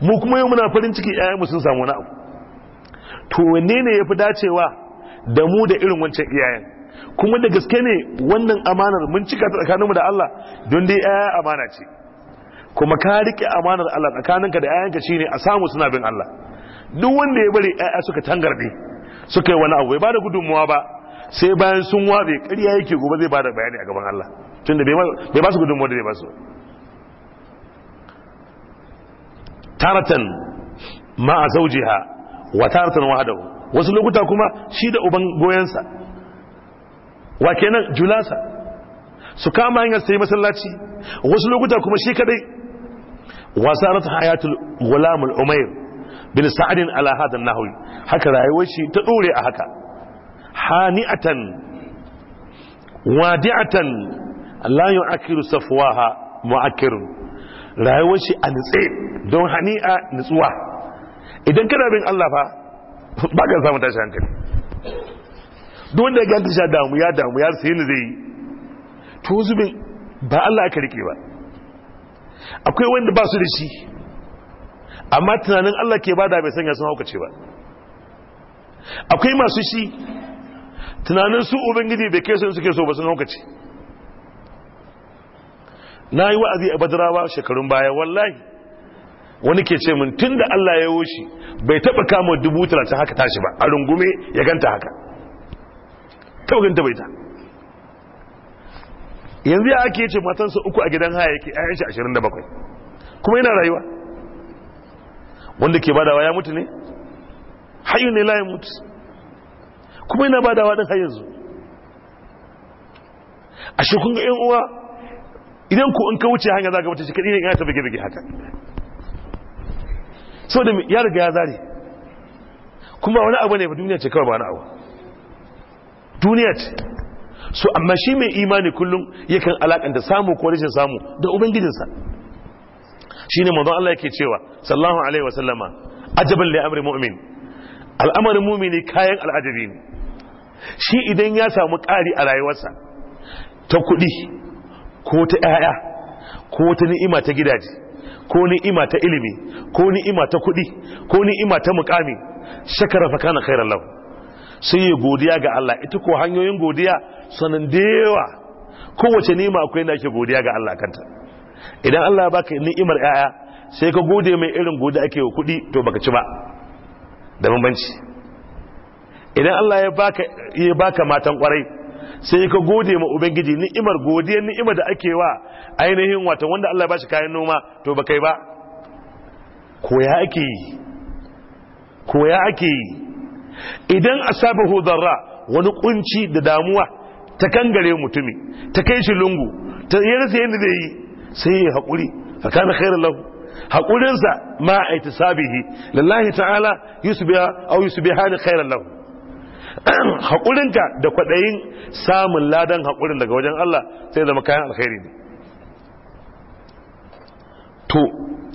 mu kuma yau muna farin ciki mu sun samu wani abu to wanne ne yafi dacewa da mu da irin wancan iyayen kuma da gaske ne wannan amanar mun cika ta tsakaninmu da Allah don dai ƴaƴa amana ce kuma ka rike amanar Allah tsakaninka da ƴaƴanka shine a samu suna bin Allah duk wanda ya bari ƴaƴa suka tangarɗe suka yi wani abu bai bada gudunmuwa ba sai bayan sun wabe ƙarya yake gobe zai bada bayani a gaban Allah tunda bai ba su gudunmuwa da bai ba su taratan ma a ha wa taratan wahadahu wasu lokuta kuma shi da uban goyensa wa kenan julasa su kama hanyar sai masallaci wasu lokuta kuma shi kadai wasa rata hayatul gulamul umair bin sa'adin ala hadan nahwi haka rayuwar shi ta dore a haka hani'atan wadi'atan la yu'akkiru safwaha mu'akkirun rayuwar shi a nitse don hani'a nitsuwa idan kana bin Allah fa ba ka samu tashi hankali duk wanda ya ganta sha damu ya damu ya sai ni zai yi to zubin ba Allah aka rike ba akwai wanda ba su da shi amma tunanin Allah ke bada bai sanya sun haukace ba akwai masu shi tunanin su ubangiji bai kai sun suke so ba sun haukace na yi wa'azi a badarawa shekarun baya wallahi wani ke ce min tun da Allah ya woshi bai taɓa kama dubu talatin haka tashi ba a rungume ya ganta haka taɓa ganta bai ta yanzu ya ake ce matansa uku a gidan haya yake ayyanshi 27 kuma yana rayuwa wanda ke badawa ya mutu ne hayu ne layin mutu kuma yana badawa din har yanzu a shekun ga yan uwa idan ku in ka wuce hanya za ka wuce shi ne yana ta bige-bige haka sau da ya riga ya zare kuma wani abu ne ba duniya ce kawai ba wani abu duniya ce so amma shi mai imani kullum yakan alakanta samu ko rashin samu da ubangijinsa shine manzon Allah yake cewa sallallahu alaihi wa sallama ajaban li amri mu'min al'amarin mu'mini kayan al'ajabi ne shi idan ya samu ƙari a rayuwarsa ta kuɗi ko ta ƴaƴa ko ta ni'ima ta gidaje ko ni'ima ta ilimi ko ni'ima ta kuɗi ko ni'ima ta muƙami shakara fa kana khairan sai ya godiya ga Allah ita ko hanyoyin godiya sanan da yawa kowace nima akwai na ake godiya ga Allah kanta idan Allah baka ni'imar yaya sai ka gode mai irin gode ake wa kuɗi to baka ci ba da bambanci idan Allah ya baka ya baka matan kwarai sai ka gode ma ubangiji ni'imar godiyar ni'imar da ake wa ainihin watan wanda Allah ya bashi kayan noma to baka yi ba koya ake yi ya ake yi idan asabahu darra wani kunci da damuwa ta kangare mutumi ta kai shi lungu ta yarsa yadda zai yi sai ya haƙuri a kana khairan lahu haƙurinsa ma sabihi lillahi ta'ala yusbiha aw hannun khairan lahu [CLEARS THROAT] haƙurinka da kwaɗayin samun ladan haƙurin daga wajen Allah sai zama kayan alkhairi ne to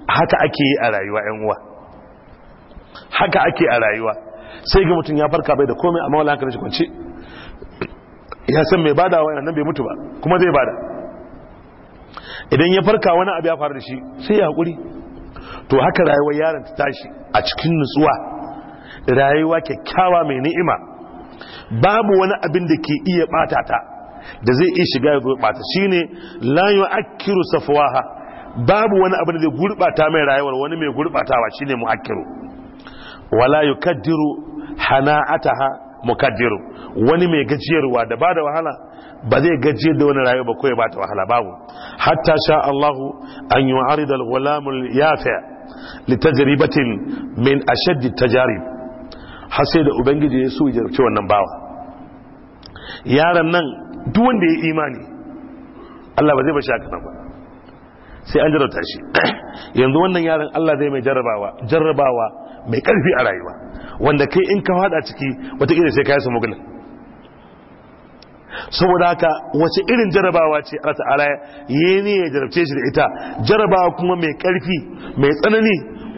haka ake yi a rayuwa 'yan uwa haka ake a rayuwa sai ga mutum ya farka bai da komai amma wala da shi kwance [CLEARS THROAT] ya san mai bada wa nan bai mutu ba kuma zai bada idan ya farka wani abu ya faru da shi sai ya haƙuri to haka rayuwar yaron ta tashi a cikin nutsuwa rayuwa kyakkyawa mai ni'ima babu wani abin da ke iya bata ta da zai iya shiga ya bata shine la yu'akkiru safwaha babu wani abin da zai gurbata mai rayuwar wani mai gurɓatawa shine mu'akiru. wala yukaddiru hana'ataha mukaddiru wani mai gajiyarwa da ba da wahala ba zai gaje da wani rayuwa ba ko ya bata wahala babu hatta sha Allahu an yu'arida al-ghulam al-yafi li tajribatin min ashadd tajarib har sai da ubangiji ya so ya jarce wannan bawa yaron nan duk wanda ya imani Allah ba zai bashi haka ba sai an jarrabta shi [CLEARS THROAT] yanzu wannan yaron Allah zai mai jarrabawa jarrabawa mai karfi a rayuwa wanda kai in ka fada ciki wata kila sai ka yi su mugulin saboda haka wace irin jarabawa ce Allah ta'ala ya ne ya jarabce shi da ita jarabawa kuma mai karfi mai tsanani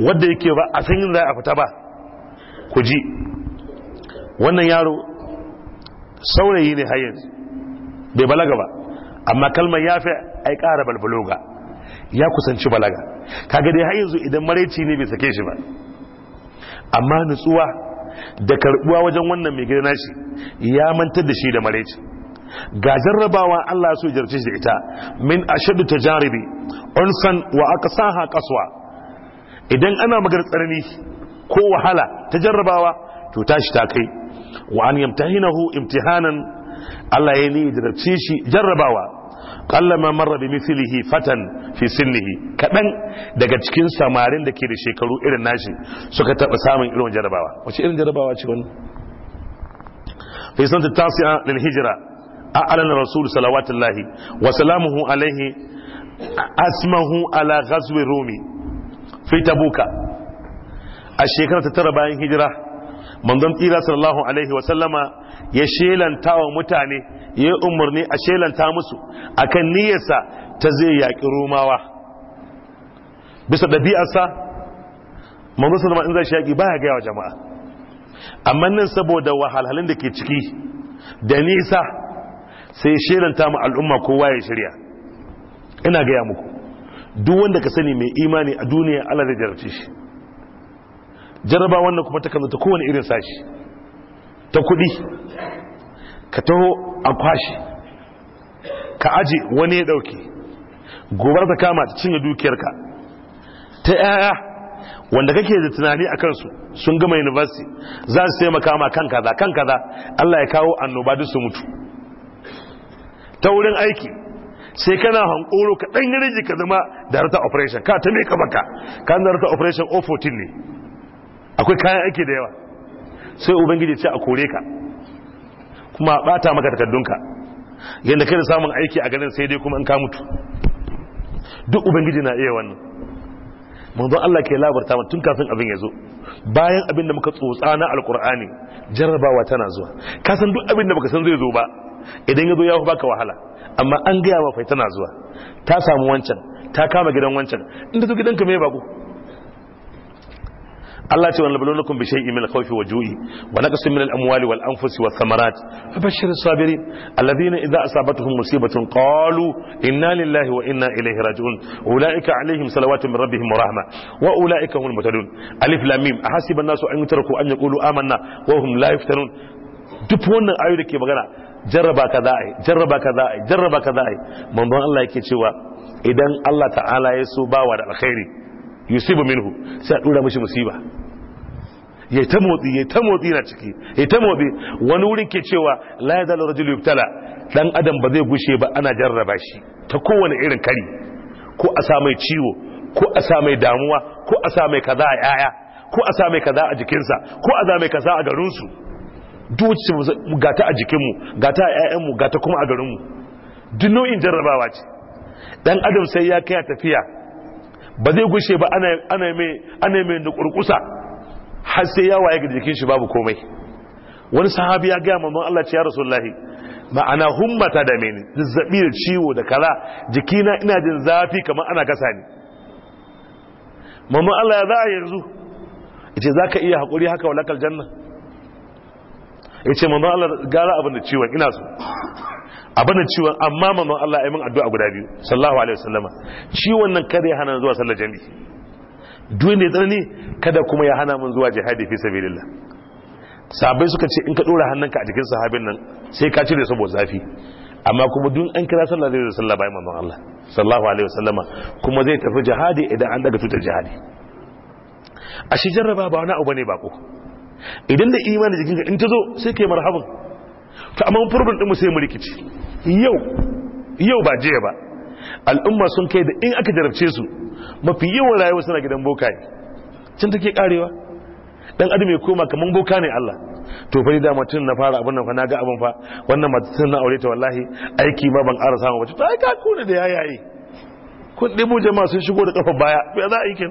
wadda yake ba a san yin za a fita ba ku ji wannan yaro saurayi ne har bai balaga ba amma kalmar ya fi ai ƙara balbaloga ya kusanci balaga kaga dai har yanzu idan maraici ne bai sake shi ba amma nutsuwa da karbuwa wajen wannan mai gina shi ya mantar da shi da maraici ga jarrabawa Allah ya so jarce shi da ita min ashadu tajaribi unsan wa aqsaha qaswa idan ana magana tsarni ko wahala ta jarrabawa to tashi ta kai wa an yamtahinahu imtihanan Allah ya ni jarce shi jarrabawa kallama marra bi mithlihi fatan fi sinnihi kadan daga cikin samarin da ke da shekaru irin nashi suka taba samun irin jarrabawa. wace irin jarrabawa ce wannan fi sanata tasi'a lil hijra a'lan rasul salawatullahi wa salamuhu alaihi asmahu ala ghazwi rumi fi tabuka a shekarar ta tara bayan hijira manzon sallallahu alaihi wa sallama ya shelanta wa mutane ya yi umarni a shelanta musu akan niyyarsa ta zai yaƙi romawa bisa ɗabi'asa manzon sallama in zai shaki baya gaya wa jama'a amma nan saboda wahalhalun da ke ciki da nisa sai shelanta mu al'umma kowa ya shirya ina gaya muku duk wanda ka sani mai imani a duniya Allah zai jarabce shi jaraba wannan kuma ta kan ta kowane irin sashi ta kuɗi ka taho a kwashi ka aje wani ya ɗauke gobar ta kama ta cinye dukiyarka ta yaya wanda kake da tunani a kansu sun gama university za su taimaka ma kan kaza kan kaza Allah ya kawo annoba duk su mutu ta wurin aiki sai kana hankoro ka ɗan yarji ka zama da darata operation ka ta meka baka ka darata operation o 14 ne akwai kayan aiki da yawa sai ubangiji ce a kore ka kuma bata maka takardunka yadda kai da samun aiki a ganin sai dai kuma in ka mutu duk ubangiji na iya wannan manzon Allah ke labarta tun kafin abin ya zo bayan abin da muka tsotsa na alkur'ani jarrabawa tana zuwa ka san duk abin da baka san zai zo ba idan ya zo ya baka wahala amma an gaya wa fai tana zuwa ta samu wancan ta kama gidan wancan in ta zo gidanka me bako Allah ce wani labalunukum bi shay'in min al wa ju'i wa naqsin min al-amwali wal anfusi wath thamarat fabashshir as-sabirin alladhina idha asabatuhum musibatun qalu inna lillahi wa inna ilayhi raji'un ulaika alaihim salawatu min rabbihim wa rahma wa ulaika humul muhtadun alif lam mim ahasiba an-nasu an yutraku an yaqulu amanna wa hum la yuftanun duk wannan ayoyi da ke magana jarraba ka za jarraba ka za jarraba ka za a yi Allah yake cewa idan Allah ta'ala ya so bawa da alkhairi yusibu minhu sai a dora mishi musiba ya ta motsi ya ta motsi na ciki ya ta motsi wani wurin ke cewa la ya zalo rajul yubtala dan adam ba zai gushe ba ana jarraba shi ta kowane irin kari ko a sa mai ciwo ko a sa mai damuwa ko a sa mai kaza a yaya ko a sa mai kaza a jikinsa ko a za mai kaza a garinsu duci ga ta a jikinmu gata a 'ya'yanmu ga ta kuma a garinmu duk nau'in jarrabawa ce dan adam sai ya kai tafiya ba zai gushe ba ana mai ana mai da kurkusa har sai ya waye ga jikin shi babu komai wani sahabi ya gaya mamman Allah ce ya rasulullahi ma'ana hummata da meni zazzabi da ciwo da kala jikina ina jin zafi kamar ana gasa ni mamman Allah ya za a yanzu ita za ka iya haƙuri haka walakal janna ya ce manzon Allah gara abin da ciwon ina so abin da ciwon amma manzon Allah ya yi min addu'a guda biyu sallallahu alaihi wasallama ciwon nan kada ya hana zuwa sallar jami'i da ne tsanani kada kuma ya hana mun zuwa jihadi fi sabilillah Sabai suka ce in ka dora hannunka a jikin sahabin nan sai ka cire saboda zafi amma kuma duk an kira sallah zai sallah bayan manzon Allah sallallahu alaihi wasallama kuma zai tafi jihadi idan an daga tutar jihadi a shi jarraba ba wani abu ne bako idan da imani ka in ta zo sai kai marhaban ta amma problem din mu sai mu rikici yau yau ba jiya ba al'umma sun kai da in aka jarabce su mafi yawan rayuwa suna gidan boka ne can take karewa dan adam ya koma kaman boka ne Allah to fa da mutun na fara abin nan fa naga abin fa wannan matan na aure ta wallahi aiki ma ban ƙara samu ba to ai ka kuna da yayaye kun mu jama'a sun shigo da kafa baya ya za a yi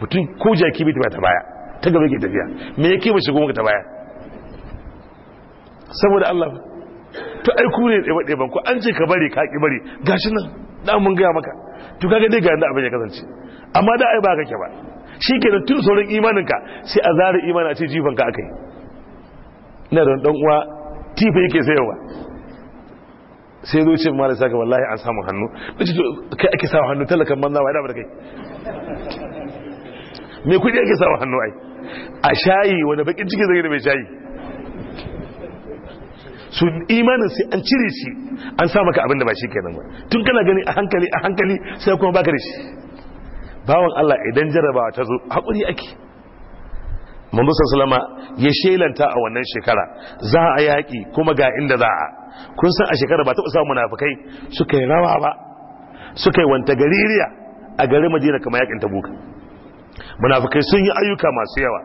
mutum ko jaki bai ta baya ta gaba ke tafiya me yake ba shigo muka ta baya saboda Allah to ai ku ne ɗaya ɗaya ku an ce ka bari ka ki bari gashi nan da mun gaya maka to kaga dai ga yanda abin ya kasance amma da ai ba kake ba shikenan tun sauran imaninka sai a zara imani a ce jifan ka akai na da dan uwa tifa yake sayarwa sai zo ce mala saka wallahi an samu hannu kace to kai ake samu hannu talakan manzawa ya da ba kai me kudi ake sawa hannu ai a shayi wani bakin ciki zai da mai shayi su imanin sai an cire shi an sa maka abin da ba shi kenan ba tun kana gani a hankali a hankali sai kuma baka da shi bawan Allah idan jarrabawa ta zo hakuri ake manzo sallama ya shelanta a wannan shekara za a yaki kuma ga inda za a kun san a shekara ba ta samu munafikai suka yi rawa ba suka yi wanta gaririya a garin Madina kamar yakin Tabuk munafikai sun yi ayyuka masu yawa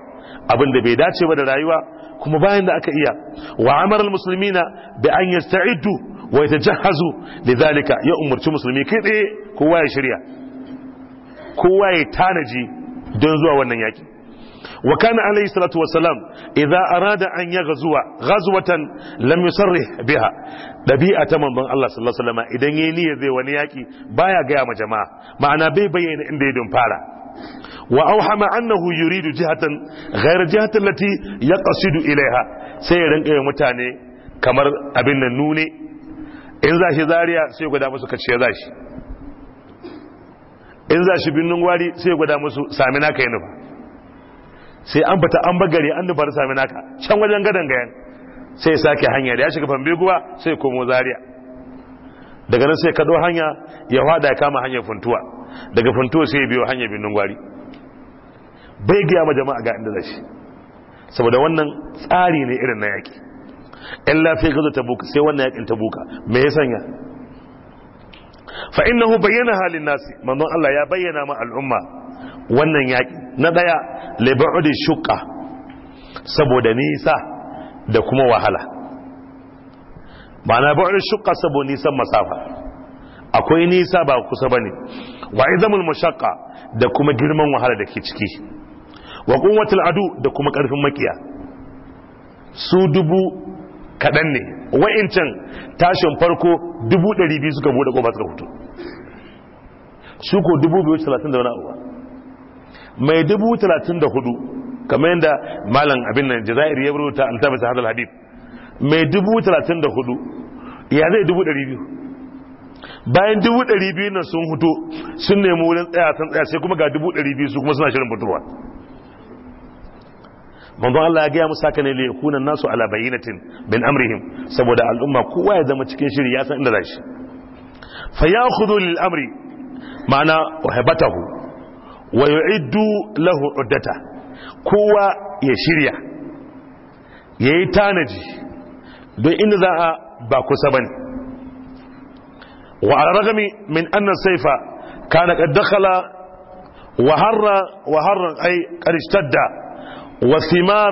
abin da bai dace ba da rayuwa kuma bayan da aka iya wa amara almuslimina bi an yasta'iddu wa yatajahhazu lidhalika ya umurci musulmi kai tsaye kowa ya shirya kowa ya tanaji don zuwa wannan yaki wa kana alayhi salatu wassalam idza arada an yaghzuwa ghazwatan lam yusarrih biha dabi'a ta manzon Allah sallallahu alaihi wasallam idan yayi niyya zai wani yaki baya ga ma jama'a ma'ana bai bayyana inda ya fara وأوحم أنه يريد جهة غير جهة التي يقصد إليها سيرن إيه متاني كمر أبن النوني إن ذا زاريا سيقول دامس كتشي إن ذا شبن نواري in zashi سامنا كينفا sai an bata an bagare an nufar sami naka can wajen gadon gayan sai sake hanya da ya shiga fambe guwa sai komo Zariya, daga nan sai kado hanya ya hada kama hanyar funtuwa daga fanto sai ya biyo hanyar birnin gwari bai gaya ma jama'a ga inda zai saboda wannan tsari ne irin na yaƙi in lafiya gazo ta buka sai wannan yaƙin ta buka me ya sanya fa innahu bayyana halin nasi manzon Allah ya bayyana ma al'umma wannan yaƙi na daya lib'udi shuqqa saboda nisa da kuma wahala ma'ana ba'ud shuqqa saboda nisan masafa akwai nisa ba kusa bane wa izamul mushaqqa da kuma girman wahala da ke ciki wa quwwatul adu da kuma karfin makiya su dubu kadan ne wa'incan tashin farko dubu dari biyu suka bude kofa suka fito su ko dubu biyu talatin da wani abuwa mai dubu talatin da hudu kamar yadda malam abin nan jaza'ir ya rubuta al-tabata hadal habib mai dubu talatin da hudu ya zai dubu dari biyu bayan dubu ɗari biyu nan sun hutu sun nemi wurin tsaya san tsaya sai kuma ga dubu ɗari biyu su kuma suna shirin fitowa manzon Allah ya gaya musu haka ne li yakuna nasu ala bayyinatin bin amrihim saboda al'umma kowa ya zama cikin shiri ya san inda za shi fa khudu lil amri ma'ana uhibatahu wa yu'iddu lahu uddata kowa ya shirya yayi tanaji don inda za a ba kusa bane وعلى الرغم من أن السيف كان قد دخل وهر وهر أي قد اشتد والثمار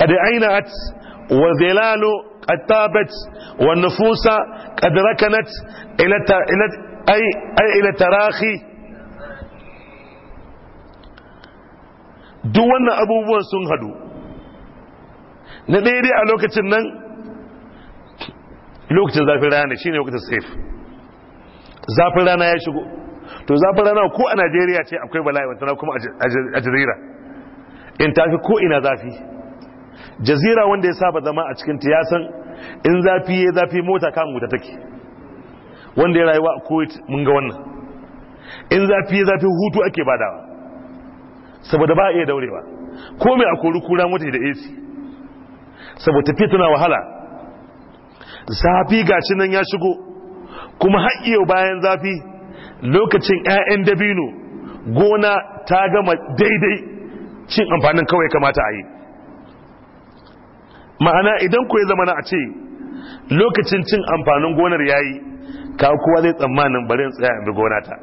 قد عينت والظلال قد طابت والنفوس قد ركنت إلى أي, أي إلى تراخي duk wannan abubuwan sun hadu na daidai a lokacin nan lokacin zafin rana shine lokacin safe zafin rana ya shigo to zafin rana ko a najeriya ce akwai bala'i wata na kuma a jazira in tafi ko ina zafi jazira wanda ya saba zama a cikin ya san in zafi ya zafi mota kan wuta take wanda ya rayuwa a kuwait mun ga wannan in zafi ya zafi hutu ake badawa saboda ba a iya daurewa ko mai a kori kura mota da ac saboda tafiya tana wahala zafi gashi nan ya shigo kuma yau bayan zafi lokacin 'ya'yan dabino gona ta gama daidai cin amfanin kawai kamata a yi ma'ana idan ku ya zama na a ce lokacin cin amfanin gonar ya yi ka kuwa zai tsammanin bari tsaya in bi gonata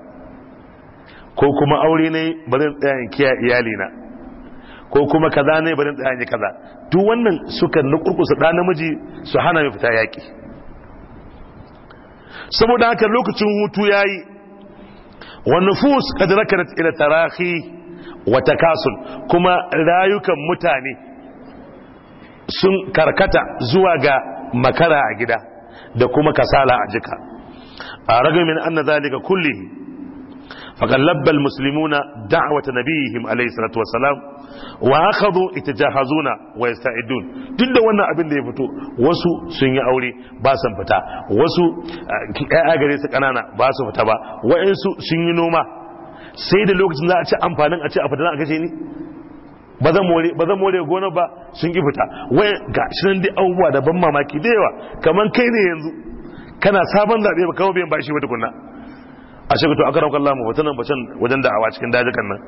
ko kuma aure ne barin tsaya in kiya iyalina ko kuma kaza ne bari tsaya in yi kaza duk wannan sukan nukurkusa ɗa namiji su hana mai fita yaƙi saboda haka lokacin hutu ya yayi wa nufus qad rakarat ila tarahi wa takasul kuma rayukan mutane sun karkata zuwa ga makara a gida da kuma kasala a jika a ragamin na zalika kulle فقد لبى المسلمون دعوة نبيهم عليه الصلاة والسلام وأخذوا يتجهزون ويستعدون duk وانا أبن دي فتو وسو fito أولي sun فتا وسو ba سكنانا fita فتا با وإنسو su نوما سيد اللوك جنزا أتشاء wa'ansu أتشاء أفتنا أكشيني bazan more bazan more gona ba sun ki fita wai ga shi nan dai abubuwa da ban mamaki da yawa kamar kai ne yanzu kana sabon zabe ba kawo biyan bashi wata kunna a shi to aka raukar lamu wata bacin wajen da'awa cikin dajikan nan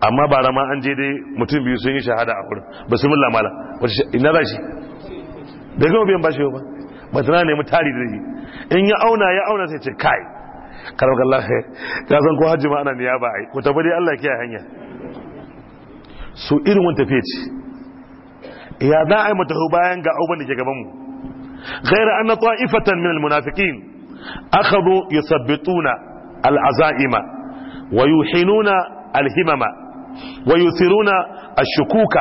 amma ba rama an je dai mutum biyu sun yi shahada a wurin ba su mulla mala ina za shi da gama biyan bashi ba ba tana nemi tari da shi in ya auna ya auna sai ce kai karamkar lafiya [LAUGHS] ta san ko hajji ma ana ya ba a yi ko tabbari allah kiyaye hanya su irin wani tafiye ce ya za a yi matahu bayan ga abubuwan da ke gabanmu gaira an na ta'ifatan min almunafiqin akhadhu yusabbituna al'azaima wa yuhinuna alhimama wa yusiruna ashukuka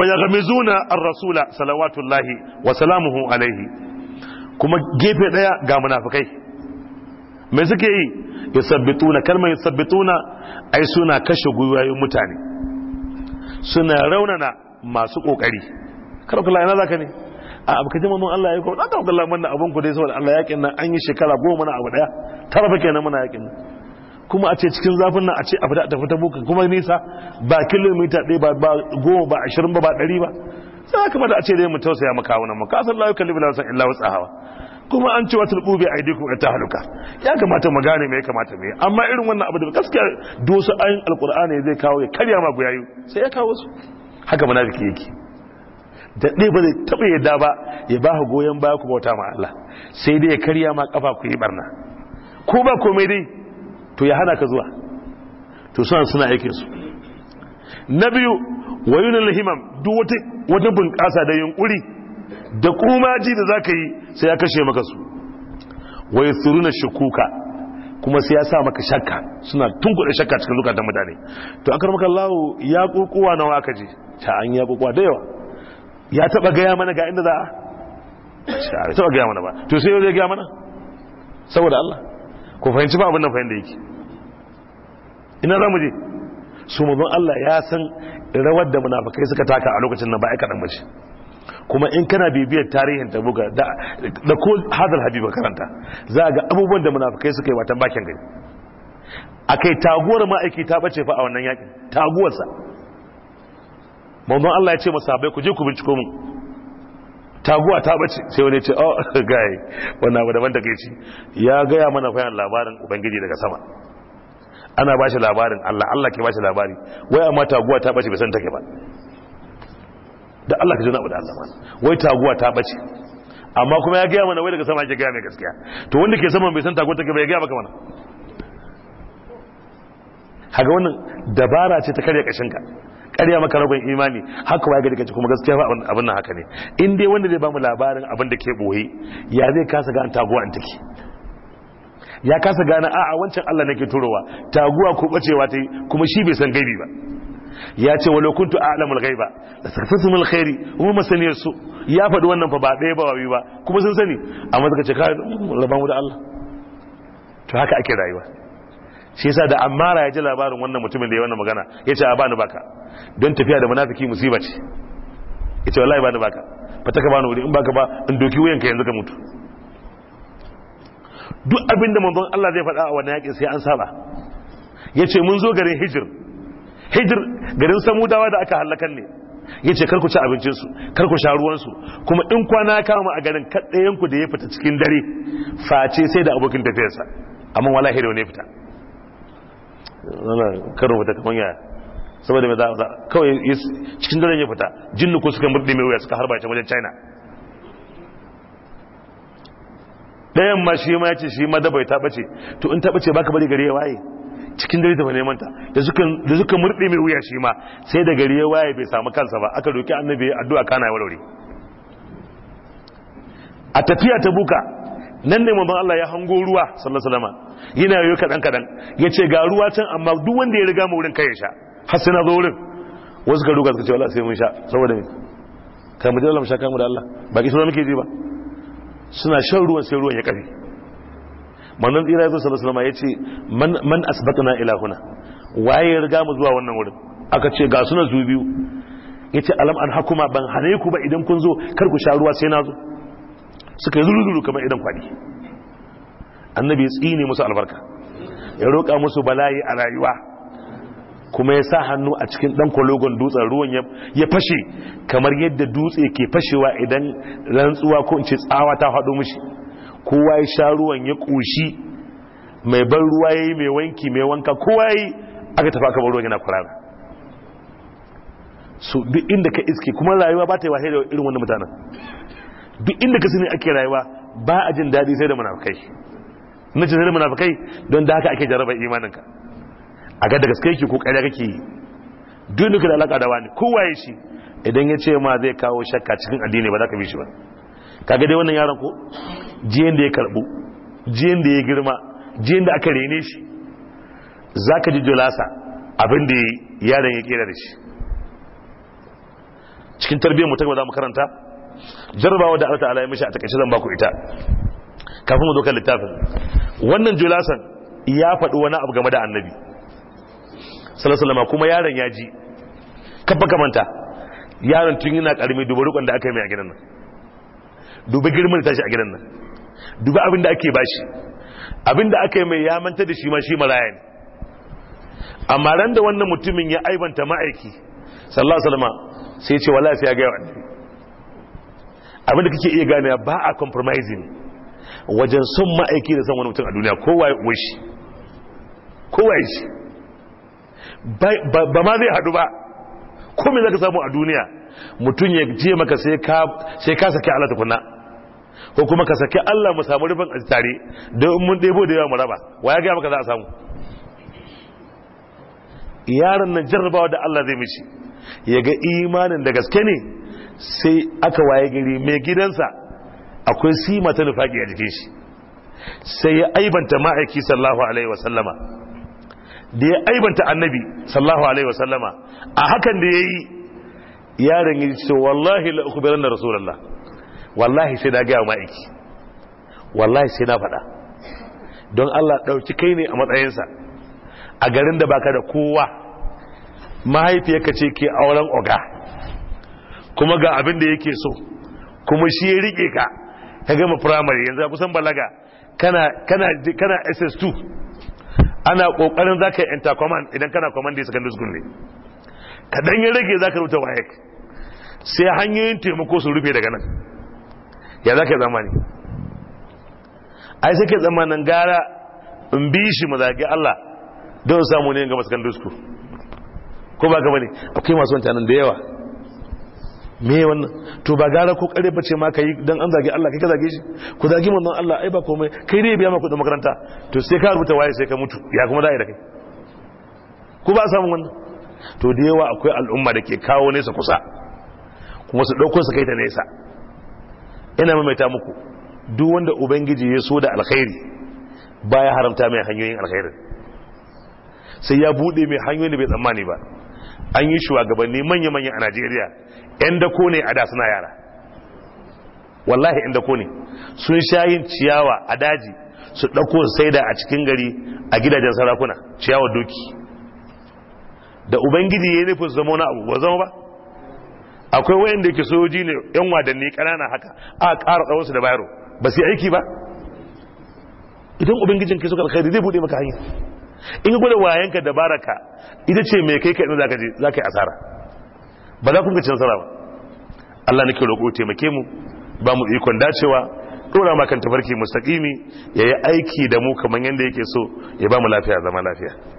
wa yaghmizuna ar-rasula salawatullahi wa salamuhu alaihi kuma gefe daya ga munafikai me suke yi yusabbituna kalmar yusabbituna ai suna kashe gwiwayoyin mutane suna raunana masu kokari kar kula ina zaka ne a abu kaji Allah ya kuma ɗaka lamar manna abin ku dai saboda Allah yakin nan an yi shekara goma na abu ɗaya tara fa kenan muna yakin nan kuma a ce cikin zafin nan a ce abu da ta fita buka kuma nisa ba kilomita ɗaya ba goma ba ashirin ba ba ɗari ba sai aka da a ce dai mu tausaya maka wannan mu kasan la yukallifu la san illa wasaha kuma an ce watul qubi aidikum ta haluka ya kamata mu gane me ya kamata me amma irin wannan abu da gaskiya dosa ayin alkur'ani zai kawo ya karya ma guyayu sai ya kawo su haka munafiki yake daɗe ba zai taɓa yadda ba ya ba goyon baya ku bauta ma Allah sai dai ya karya ma kafa ku yi barna ko ba komai dai to ya hana ka zuwa to suna suna aikin su na biyu wayunan lahimam duk wata wata bunƙasa da yunkuri da kuma ji da zaka yi sai ya kashe maka su Wai suruna shakuka kuma sai ya sa maka shakka suna tunkuɗe shakka cikin zukatan mutane to an maka lawo ya ƙuƙuwa nawa aka je ta an ya ƙuƙuwa da yawa ya taba gaya mana ga inda za a taba gaya mana ba to sai yau zai gaya mana saboda Allah ko fahimci ba abin fahimta yake ina za mu je su mazan Allah ya san rawar da munafakai suka taka a lokacin na ba aika mace kuma in kana bibiyar tarihin ta buga da ko hadal habiba karanta za a ga abubuwan da munafakai suka yi watan bakin gari akai taguwar ma'aiki ta bace fa a wannan yakin taguwarsa mamman Allah ya ce masahabai ku je ku binciko mu taguwa ta bace sai wani ce oh [LAUGHS] gaye wannan abu daban take ci ya gaya mana fayan labarin ubangiji daga sama ana ba shi labarin Allah Allah ke ba shi labari wai amma taguwa ta bace bai san take ba da Allah ka ji na abu da Allah wai taguwa ta bace amma kuma ya gaya mana wai daga sama ake gaya mai gaskiya to wanda ke saman bai san taguwa take ya gaya maka mana haga wannan dabara ce ta karya kashinka karya maka rabin imani haka waye gari kace kuma gaskiya abin nan haka ne in dai wanda zai bamu labarin abin da ke boye ya zai kasa gane taguwa an take ya kasa gane a'a wancan Allah nake turowa taguwa ko bacewa ta kuma shi bai san gaibi ba ya ce walau kuntu a'lamul ghaiba la sakfatu min alkhairi wa su ya fadi wannan fa ba ɗaya ba wabi ba kuma sun sani amma suka ce kai rabon da Allah to haka ake rayuwa shi yasa da amara ya ji labarin wannan mutumin da ya wannan magana ya ce a bani baka don tafiya da munafiki musiba ce ya ce wallahi bani baka ba ta ka ni wuri in baka ba in doki wuyan ka yanzu ka mutu duk abin da manzon Allah zai faɗa a wannan yaƙin sai an saba ya ce mun zo garin hijir hijir garin samudawa da aka halakan ne ya ce karku ci abincinsu karku sha ruwansu kuma in kwana kama a garin kaɗayenku da ya fita cikin dare face sai da abokin tafiyarsa amma wala hira ne fita zana kan rubuta kamar yaya saboda mai za kawai cikin dare ya fita jinnu ko suka murɗe mai wuya suka harba ta wajen china ɗayan ma shi ma ya ce shi ma dabai ta ɓace to in ta ɓace baka bari gari ya waye cikin dare tafi neman ta da suka murɗe mai wuya shi ma sai da gari ya waye bai samu kansa ba aka roki annabi addu'a kana warware a tafiya ta buka nan ne manzon Allah ya hango ruwa sallallahu alaihi wasallam yana yi kaɗan kaɗan ya ce ga ruwa can amma duk wanda ya riga mu wurin kai ya sha har sai na zo wurin wasu ka duka suka ce wala sai mun sha saboda me ka mu dole mu sha kamu da Allah ba ki muke ji ba suna shan ruwan sai ruwan ya kafi manzon tsira ya zo sallallahu alaihi wasallam ya man man asbatna ila huna waye ya riga mu zuwa wannan wurin aka ce ga suna su biyu yace alam an hakuma ban hane ku ba idan kun zo kar ku sha ruwa sai na zo suka yi zuru kamar idan kwadi annabi ya tsine musu albarka ya roƙa musu bala'i a rayuwa kuma ya sa hannu a cikin ɗan kwalogon dutsen ruwan ya fashe kamar yadda dutse ke fashewa idan rantsuwa ko tsawa ta haɗo mushi. kowa ya sha ruwan ya ƙoshi mai ban ruwa ya yi mai wanki mai wanka kowa ya yi aka tafi aka ruwan yana kurara so duk inda ka iske kuma rayuwa ba ta yi wahayi da irin wannan mutanen duk inda ka sani ake rayuwa ba a jin daɗi sai da munafukai na jinar munafikai don da haka ake jaraba imaninka a ga da gaske yake ko ƙarya kake yi duk da alaka da wani kowa ya shi idan ya ce ma zai kawo shakka cikin addini ba za ka bi shi ba kaga dai wannan yaron ko jiyan da ya karbu jiyan da ya girma jiyan da aka rene shi za ka ji jolasa abin da yaron ya kera da shi cikin tarbiyyar mu ta gaba za mu karanta jarabawa da Allah ta'ala ya mishi a takaice zan baku ita kafin mu zo kan littafin wannan julasan ya faɗi wani abu game da annabi sallallahu kuma yaron ya ji kafa kamanta yaron tun yana karami dubi rukun da aka yi mai a gidan nan dubi girman tashi a gidan nan dubi abin da ake bashi abin da aka yi mai ya manta da shi ma shi maraya ne amma ran da wannan mutumin ya aibanta ma'aiki sallallahu alaihi sai ya ce wallahi sai ya ga annabi abin da kake iya gane ba a compromising wajen son ma'aiki da san wani mutum a duniya kowa ya shi ba ma zai haɗu ba komai zaka samu a duniya mutum ya je maka sai ka sake Allah tukuna ko kuma ka sake Allah mu samu rufin a tare don mun ɗebo da yawa mu raba wa ya gaya maka za a samu yaron na jarrabawa da Allah zai mishi ya ga imanin da gaske ne sai aka waye gari mai gidansa akwai sima ta nufaki a jikin shi sai ya aibanta ma'aiki sallahu alaihi wasallama da ya aibanta annabi sallahu alaihi wasallama a hakan da ya yi yaron yi ce wallahi la da rasulallah wallahi sai na gaya ma'aiki wallahi sai na faɗa don allah ɗauki kai ne a matsayinsa a garin da baka da kowa mahaifiyarka ce ke auren oga kuma ga abin da yake so kuma shi ya riƙe ka ka gama primary yanzu a kusan balaga kana SS2 ana kokarin ka enter command idan kana command secondary school ne ka dan rage za ka rubuta WAEC sai hanyoyin taimako su rufe daga nan ya ka yi zamani ai sai ka zamanin gara in bi shi mu Allah don samu ne ga secondary school ko ba ka ne akwai masu nan da yawa me wannan to ba gara ko kare bace ma kai dan an zage Allah kai ka zage shi ku zage manzon Allah ai ba komai kai ne biya ma kudin makaranta to sai ka rubuta waye sai ka mutu ya kuma da kai ku ba samu wannan to da yawa akwai al'umma da ke kawo nesa kusa kuma su dauko su kai ta nesa ina maimaita muku duk wanda ubangiji ya so da alkhairi baya haramta mai hanyoyin alkhairin sai ya bude mai hanyoyin da bai tsammani ba an yi shugabanni manya-manya a najeriya 'yan dako ne a da suna yara wallahi inda ko ne sun sha yin ciyawa a daji su ɗauko sai saida a cikin gari a gidajen sarakuna ciyawa doki da ubangiji ya nufin zama wani abu ba zama ba akwai wayanda yake soji ne yan wadanni ƙanana haka a ƙara tsawonsu da bayaro ba su aiki ba idan ubangijin kai suka alkhairi zai buɗe maka hanya in ka gwada wayanka da baraka ita ce mai kai ka inda zaka je zaka yi asara ba za ku ga cin ba Allah nake roƙo taimake mu ba mu ikon dacewa dora ma kan tafarki mustaqimi yayi aiki da mu kaman yanda yake so ya ba mu lafiya zama lafiya